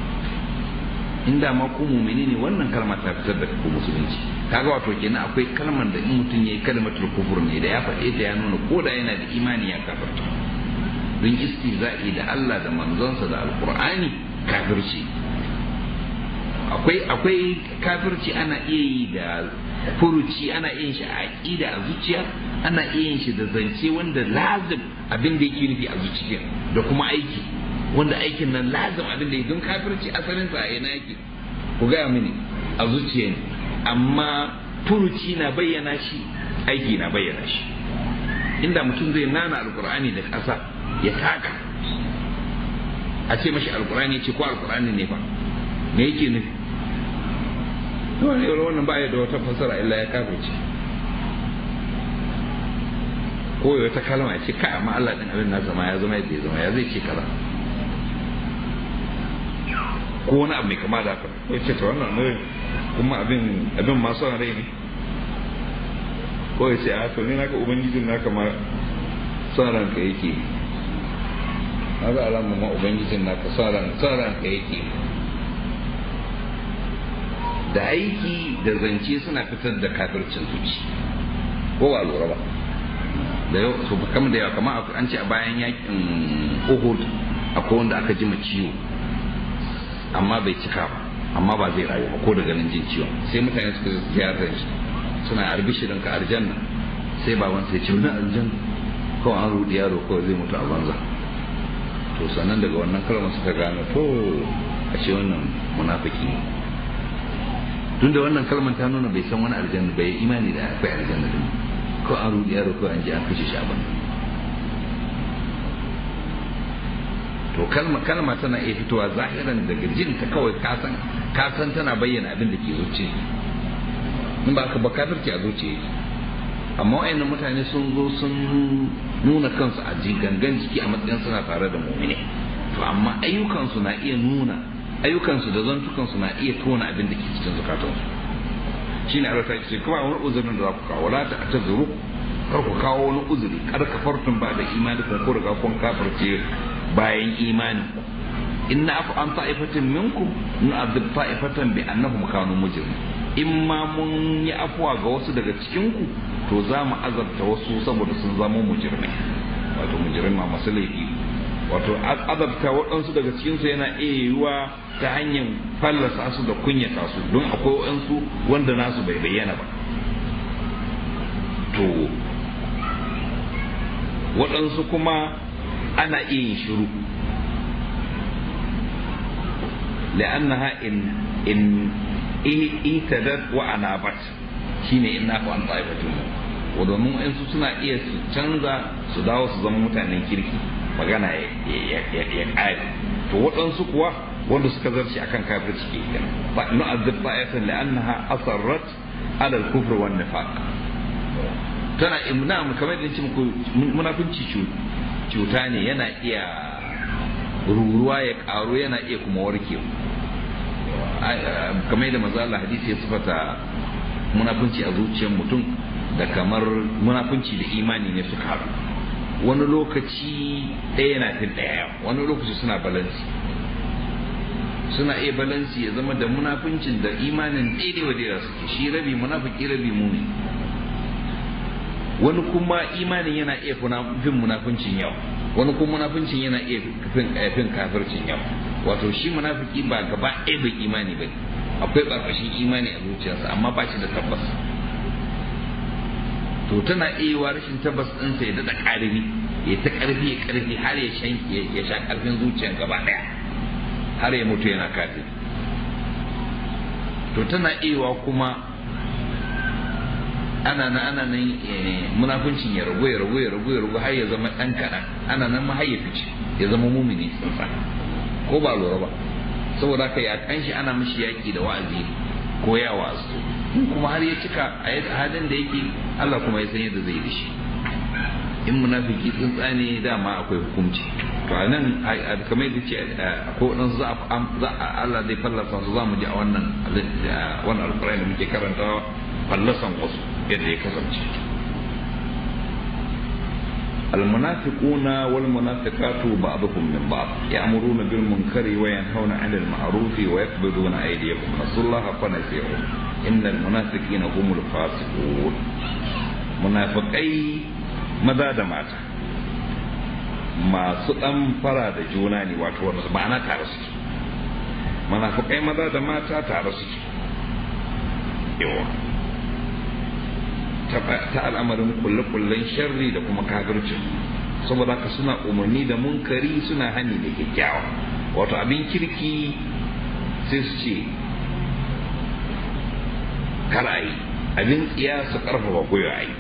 inda ma ku mumini ne wannan kalmar ta fitar da ku musulunci kaga wato kenan akwai kalmar da in mutum yayi kalmatul kufur ne da ya faɗe ta ya nuna ko da yana da imani ya kafirta don istiza'i da Allah da manzonsa da alqur'ani kafirci akwai akwai kafirci ana iya yi da furuci ana iya shi a aqida a zuciya ana iya yin shi da zance wanda lazim abin da yake nufi a zuciya da kuma aiki wanda aikin nan lazim abin da don kafirci asalin sa a ina yake ku ga mini a zuciya ne amma furuci na bayyana shi aiki na bayyana shi inda mutum zai nana alkur'ani da ƙasa ya taka a ce mashi alkur'ani ce ko alkur'ani ne ba me yake nufi wannan ba ya da wata fasara illa ya ce ko ya wata kalma ya ce ka amma Allah din abin na zama ya zama yadda ya zama ya zai ce kaza ko wani abu mai kama da haka ya ce ta wannan kuma abin abin masu rai ne ko ya ce a to ni naka ubangijin naka ma son ranka yake ga alama ma ubangijin naka son ranka yake da aiki da zance suna fitar da kafircin zuci ko ba lura ba da yau su kama da yawa kama an ce a bayan yakin uhud akwai wanda aka ji ciwo amma bai cika ba amma ba zai rayu ba ko da ganin jin ciwon sai mutane suka ziyarar shi suna arbishirin ka aljanna sai ba baban sai ce wani aljanna ko an rudi yaro ko zai mutu a banza to sannan daga wannan kalmar suka gane to a ce wannan munafiki ne tun da wannan kalmar ta nuna bai san wani aljanna bai imani da akwai aljanna din ko an rudi yaro ko an ji an kashe shi a banza to kalma kalma tana iya fitowa zahiran daga jin ta kawai kasan kasan tana bayyana abin da ke zuci in ba ka ba kafirci a zuci amma wayannan mutane sun zo sun nuna kansu a gangan jiki a matsayin suna tare da mu'mini to amma ayyukansu na iya nuna ayyukansu da zantukansu na iya tona abin da ke cikin zukatansu shi ne ta ce kuma wani uzurin da za ku kawo wala ta zuru kar ku kawo wani uzuri kar ka fartun ba da imani kun riga kun kafirce bayan imani in na afu an ta'ifatin minkum nu azib ta'ifatan bi annahum kanu mujrim in ma mun yi afuwa ga wasu daga cikin ku to za mu azabta wasu saboda sun zama mujrimai wato mujrimai masu laifi wato azabta waɗansu daga cikin su yana iya yiwa ta hanyar fallasa su da kunyata su don akwai waɗansu wanda nasu bai bayyana ba to waɗansu kuma ana iya yin shiru la'annaha in in itadat wa anabat shine inna ku an batun wa domin su suna iya su canza su dawo su zama mutanen kirki magana ya ƙare to waɗansu kuwa wanda suka zarce akan kafirci ke kenan fa ya san la'annaha asarrat ala al-kufr wan nifaq tana imna mu kamar da ce muku munafinci shi cuta ne yana iya ruruwa ya karu yana iya kuma warke. kamar da maza hadisi ya sifata munafunci a zuciyar mutum da kamar munafunci da imani ne su haɗu wani lokaci ɗaya na fin ɗaya wani lokaci suna balansi suna iya balansi ya zama da munafuncin da imanin daidai wa daidai suke shi rabi munafuki rabi muni wani kuma imanin yana iya fin munafincin yau wani kuma munafincin yana iya eh, fin kafircin yau wato shi munafiki ba gaba ɗaya bai imani ba akwai barkashin imani a zuciyarsa amma ba shi da tabbas to tana iya wa rashin tabbas ɗinsa ya daɗa ƙarfi ya ta ƙarfi ya ƙarfi har ya shan ya sha ƙarfin zuciyar gaba ɗaya har ya mutu yana kafin to tana iya wa kuma ana nan ana eh, nan munafuncin ya ragu ya ragu ya ragu ya ragu har ya zama dan kaɗan ana nan har ya fice ya zama mumini ko ba lura ba saboda haka a kanshi ana mishi yaki da wa'azi ko ya wasu in kuma har ya cika a halin da yake Allah kuma ya san yadda zai da shi in munafiki tsuntsa ne dama akwai hukunci to a nan kamar yadda ce ko dan za a Allah zai fallasa su za mu ji a wannan wannan alƙur'ani da muke karantawa fallasan wasu yadda ya kasance المنافقون والمنافقات بعضهم من بعض يأمرون بالمنكر وينهون عن المعروف ويقبضون أيديهم نسوا الله فنسيهم إن المنافقين هم الفاسقون منافقي ماذا دمعت masu ɗan fara da juna ne wato wanda ba na tare suke munafukai maza da mata tare suke yawa ta al'amarin kulle-kullen sharri da kuma kafircin saboda haka suna umarni da munkari suna hani da kyakkyawa wato abin kirki sai su ce kar abin tsiya su karfafa goyo a yi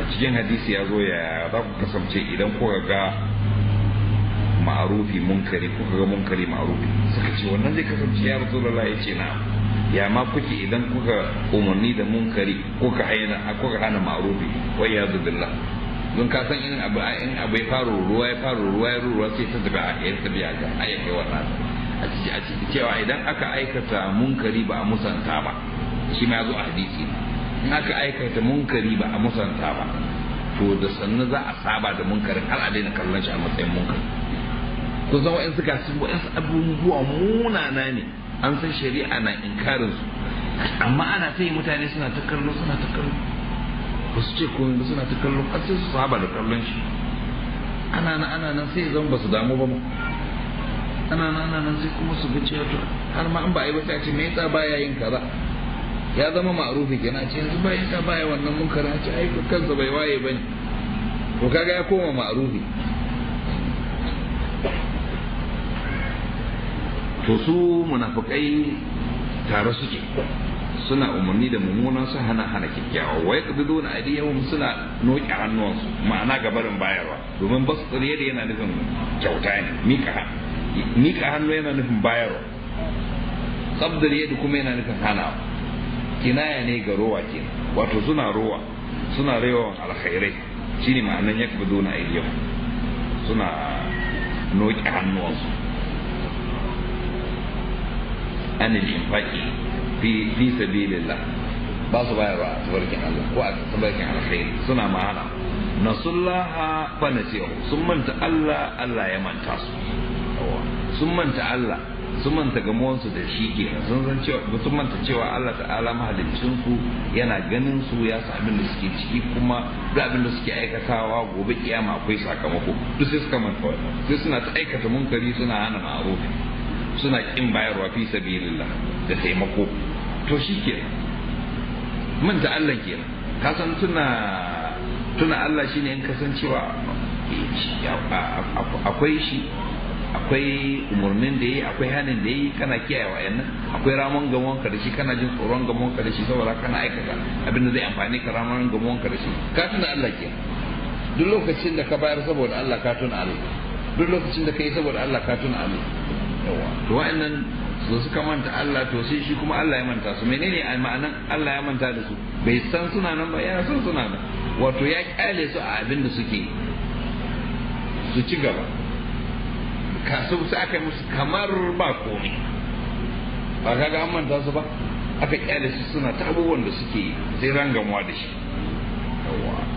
a cikin hadisi ya zo ya za ku kasance idan kuka ga ma'arufi munkari ko ga munkari ma'arufi suka ce wannan zai kasance ya rasu da ya ce na ya ma kuke idan kuka umarni da munkari kuka aina ka hana ma'arufi wai ya zubillah don ka san in abu in abu ya faru ruwa ya faru ruwa ya ruwa sai ta zuba a ya tabi ga ayyar kai wannan a ci cewa idan aka aikata munkari ba a musanta ba shi ma zo a hadisi in aka aikata munkari ba a musanta ba to da sannu za a saba da munkarin har a daina kallon shi a matsayin munkari kun san wa'yansu ga su wa'yansu abubuwa munana ne an san shari'a na inkarin su amma ana ta yi mutane suna ta kallo suna ta kallo ba su ce komai ba suna ta kallo har sai su saba da kallon shi ana nan ana nan sai zan ba su damu ba ana nan ana nan sai kuma su bice to har ma an ba a yi ba ta ce me yasa baya yin kaza ya zama ma'rufi kenan ce yanzu ba yasa baya wannan munkara ce ai kansa bai waye bane to kaga ya koma ma'rufi to su munafukai tare suke suna umarni da mummunan su hana hana kyakkyawa wai kududu na adiyahum suna noki hannuwansu ma'ana gabarin bayarwa domin ba su da yana nufin kyauta ne mika hannu yana nufin bayarwa tsabdar yadda kuma yana nufin hana kinaya ne ga rowa ke wato suna rowa suna rewan alkhairai shine ma'anan yakbudu na adiyahum suna noki hannuwansu an al-infaqi fi fi sabilillah ba su bayarwa a tabarkin Allah ko a tabarkin alkhairi suna ma'ana nasullaha fa nasihu sun manta Allah Allah ya manta su sun manta Allah sun manta su da shi ke sun san cewa sun manta cewa Allah ta'ala mahalicin su yana ganin su ya sa abin da suke ciki kuma da abin da suke aikatawa gobe kiyama akwai sakamako duk sai suka manta wannan sai suna ta aikata munkari suna hana ma'ruf suna kin bayarwa fi sabilillah da taimako to shi ke Mun da Allah ke ka san tuna tuna Allah shine in kasancewa akwai shi akwai umarnin da yi akwai hannun da yi kana kiyaye wa nan, akwai ramon gamon ka da shi kana jin tsoron gamon ka da shi saboda kana aikata abinda zai amfani ka ramon gamon ka da shi ka tuna Allah ke duk lokacin da ka bayar saboda Allah ka tuna Allah duk lokacin da ka yi saboda Allah ka tuna Allah to wa'annan su suka manta Allah to sai shi kuma Allah ya manta su menene ma'anan Allah ya manta da su bai san suna nan ba yana san suna nan wato ya kyale su a abin da suke su ci gaba kasu su aka yi musu kamar ba komai ba ka an manta su ba aka kyale su suna ta abubuwan da suke sai rangamuwa da shi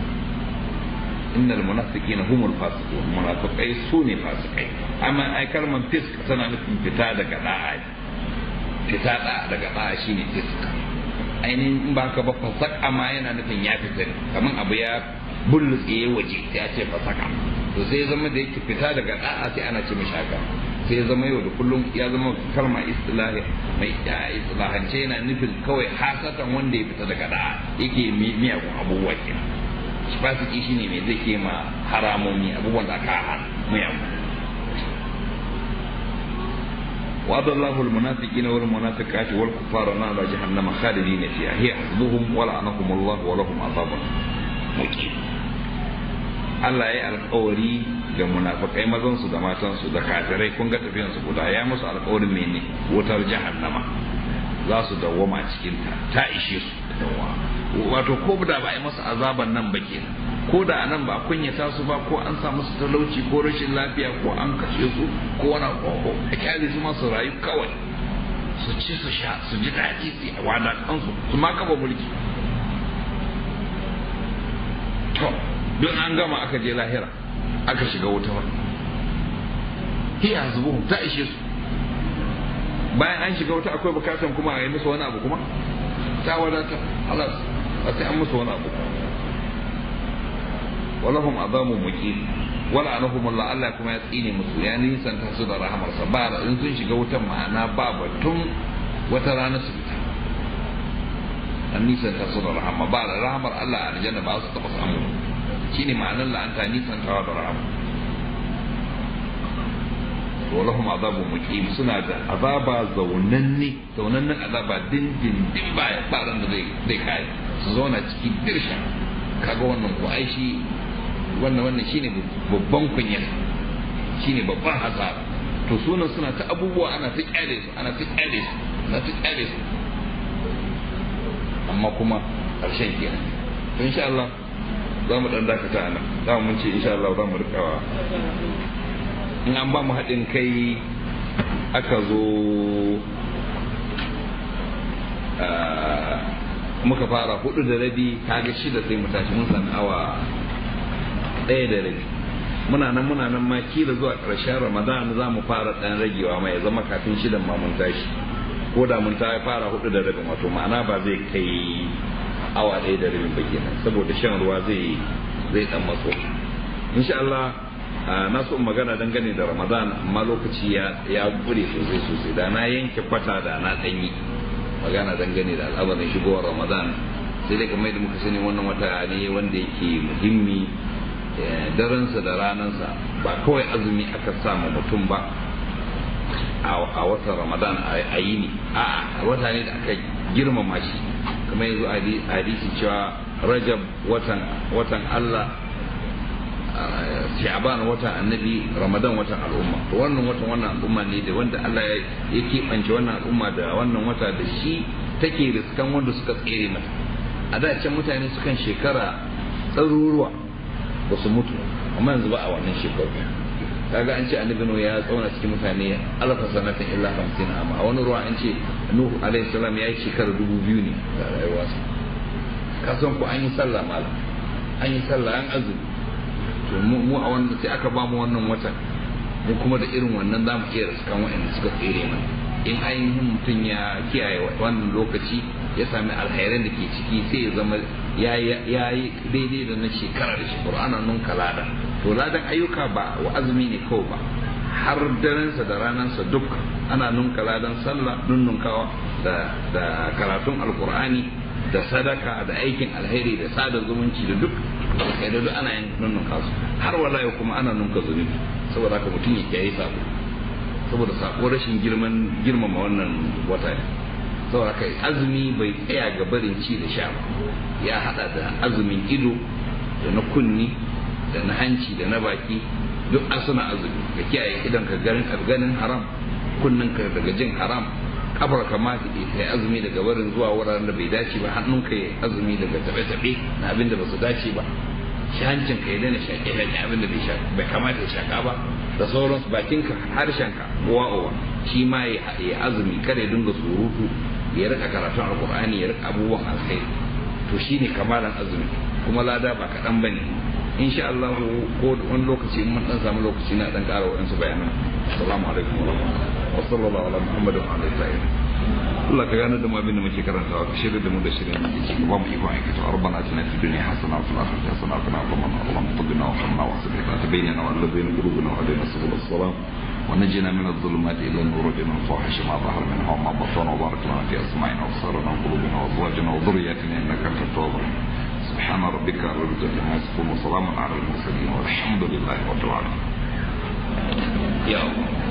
ان المنافقين humul الفاسقون المنافقين سوني فاسقين fasikai اي كلمه kalman fisk لكم fita daga da'a fita daga da'a shine fisk ainihin in ba ka ba fasaka ma yana nufin ya fita ne abu ya waje sai fasaka to sai zama da yake fita daga da'a sai ana ce mishi haka sai zama yau da kullum ya zama kalma istilahi mai istilahance yana nufin kawai hasatan wanda ya fita daga da'a yake miyagun abubuwa kenan fasiki shine mai ke ma haramomi abubuwan da aka a mai abu wadda Allah al-munafiqin wal munafiqati wal kuffar na ba jahannama khalidin fiha hiya hazuhum wala anakum Allah wa Allah ya alƙawari alkawari da mazan su da matan su da kafirai kun ga tafiyan su guda ya musu alƙawarin mene wutar jahannama za su dawoma a cikin ta ta ishe su wato ko da ba a yi masa azaban nan ba kenan ko da anan ba a kunyata su ba ko an sa musu talauci ko rashin lafiya ko an kashe su ko wani ko a kyale su masu rayu kawai su ci su sha su ji daɗi su yi wadatansu su ma kaba mulki to don an gama aka je lahira aka shiga wuta wani hiya zubu ta ishe su bayan an shiga wata akwai bukatan kuma a yi musu wani abu kuma ta wadata halas a sai an musu wani abu walahum azamu muqim wala anahum Allah Allah kuma ya tsine musu ya nisan ta su da rahamarsa ba da in sun shiga wutan ma'ana ba batun wata rana su fita an nisan ta su da rahama ba da rahamar Allah a aljanna ba su taba samu shine ma'anar la'anta nisan ta da rahama ولهم عذاب مقيم سنة عذاب زونني زوننن عذاب دين دين دين باي بارن دي دي كاي زونا تكي درشا kaga wannan ku ai shi wannan wannan shine babban kunya shine babban hasara to sunan suna ta abubuwa ana ta kyale su ana ta kyale su ana ta kyale su amma kuma ƙarshen kenan to insha Allah za mu dan dakata nan za mu ce insha Allah za mu rikawa in an ba mu haɗin kai aka zo ah, muka fara hudu da rabi kaga shida sai mu mun san awa ɗaya da rabi muna nan muna nan ma kila zuwa ƙarshen ramadan za mu fara ɗan ragewa mai ya zama kafin shidan ma mun tashi ko da mun ta fara hudu da rabi wato ma'ana ba zai kai awa ɗaya da rabi ba kenan saboda shan ruwa zai zai ɗan matso insha Allah na so magana dangane da ramadan amma lokaci ya bude sosai sosai da na yanke kwata da na danyi magana dangane da al'amarin shigowar ramadan sai dai kamar yadda muka sani wannan wata ne wanda yake muhimmi eh, daransa da ranansa ba kawai azumi aka sama mutum ba a watan ramadan a yi ne a wata ne da aka girmama shi kamar yanzu hadisi cewa rajab watan allah sha'ban watan annabi ramadan watan al'umma to wannan watan wannan al'umma ne da wanda Allah ya keɓance wannan al'umma da wannan wata da shi take riskan wanda suka tsere mata a da can mutane sukan shekara tsaruruwa ba su mutu amma yanzu ba a wannan shekaru kaga an ce annabi nuhu ya tsauna cikin mutane alfa sanatin illa 50 amma a wani ruwa an ce nuhu alayhi salam ya yi shekara dubu biyu ne da rayuwarsa kasan ku an yi sallah malam an yi sallah an azumi to mu a wannan sai aka ba mu wannan watan mu kuma da irin wannan za mu iya riskan waɗanda suka tsere mana in ainihin mutum ya kiyaye wannan lokaci ya sami alhairan da ke ciki sai ya zama ya yi daidai da na shekara da shekaru ana nunka lada to ladan ayyuka ba wa azumi ne kawai ba har darensa da ranansa duk ana nunka ladan sallah nunnunkawa da karatun alkur'ani da sadaka da aikin alheri da sada zumunci da duk kai da ana yin nunnun kasu har wallahi kuma ana nunka zunubi saboda haka mutum ya kiyaye sako saboda sako rashin girman girmama wannan wata ne saboda haka azumi bai tsaya ga barin ci da sha ba ya hada da azumin ido da na kunni da na hanci da na baki duk asuna azumi ka kiyaye idan ka ganin haram kunnen daga jin haram kafarka ma kai azumi daga barin zuwa wuraren da bai dace ba hannunka ya azumi daga tabe-tabe na abin ba su dace ba shi hancin ka ya dana shaƙe abin bai kamata ya shaƙa ba da sauran bakinka harshenka uwa uwa shi ma ya azumi kada ya dinga surutu ya rika karatun alkur'ani ya rika abubuwan alkhairi to shine kamalan azumi kuma lada ba kaɗan ba ne. insha Allah ko wani lokaci mun dan samu lokaci na dan ƙara waɗansu bayanan assalamu alaikum wa rahmatullahi wa sallallahu ala muhammadin wa alihi Allah ka gane da mu abin da muke karantawa ka shirya da mu da shirin da ke ba mu ikon aikata rabbana atina fid dunya hasana wa fil akhirati hasana wa qina adhaban nar اللهم طبنا وارحمنا واغفر لنا تبيننا والذين قلوبنا وهدينا سبل السلام ونجنا من الظلمات الى النور من الفواحش ما ظهر منها وما بطن وبارك لنا في اسماعنا وابصارنا وقلوبنا وازواجنا وذرياتنا انك انت التواب الرحيم سبحان ربك رب العزة عما يصفون وسلام على المرسلين والحمد لله رب العالمين يا الله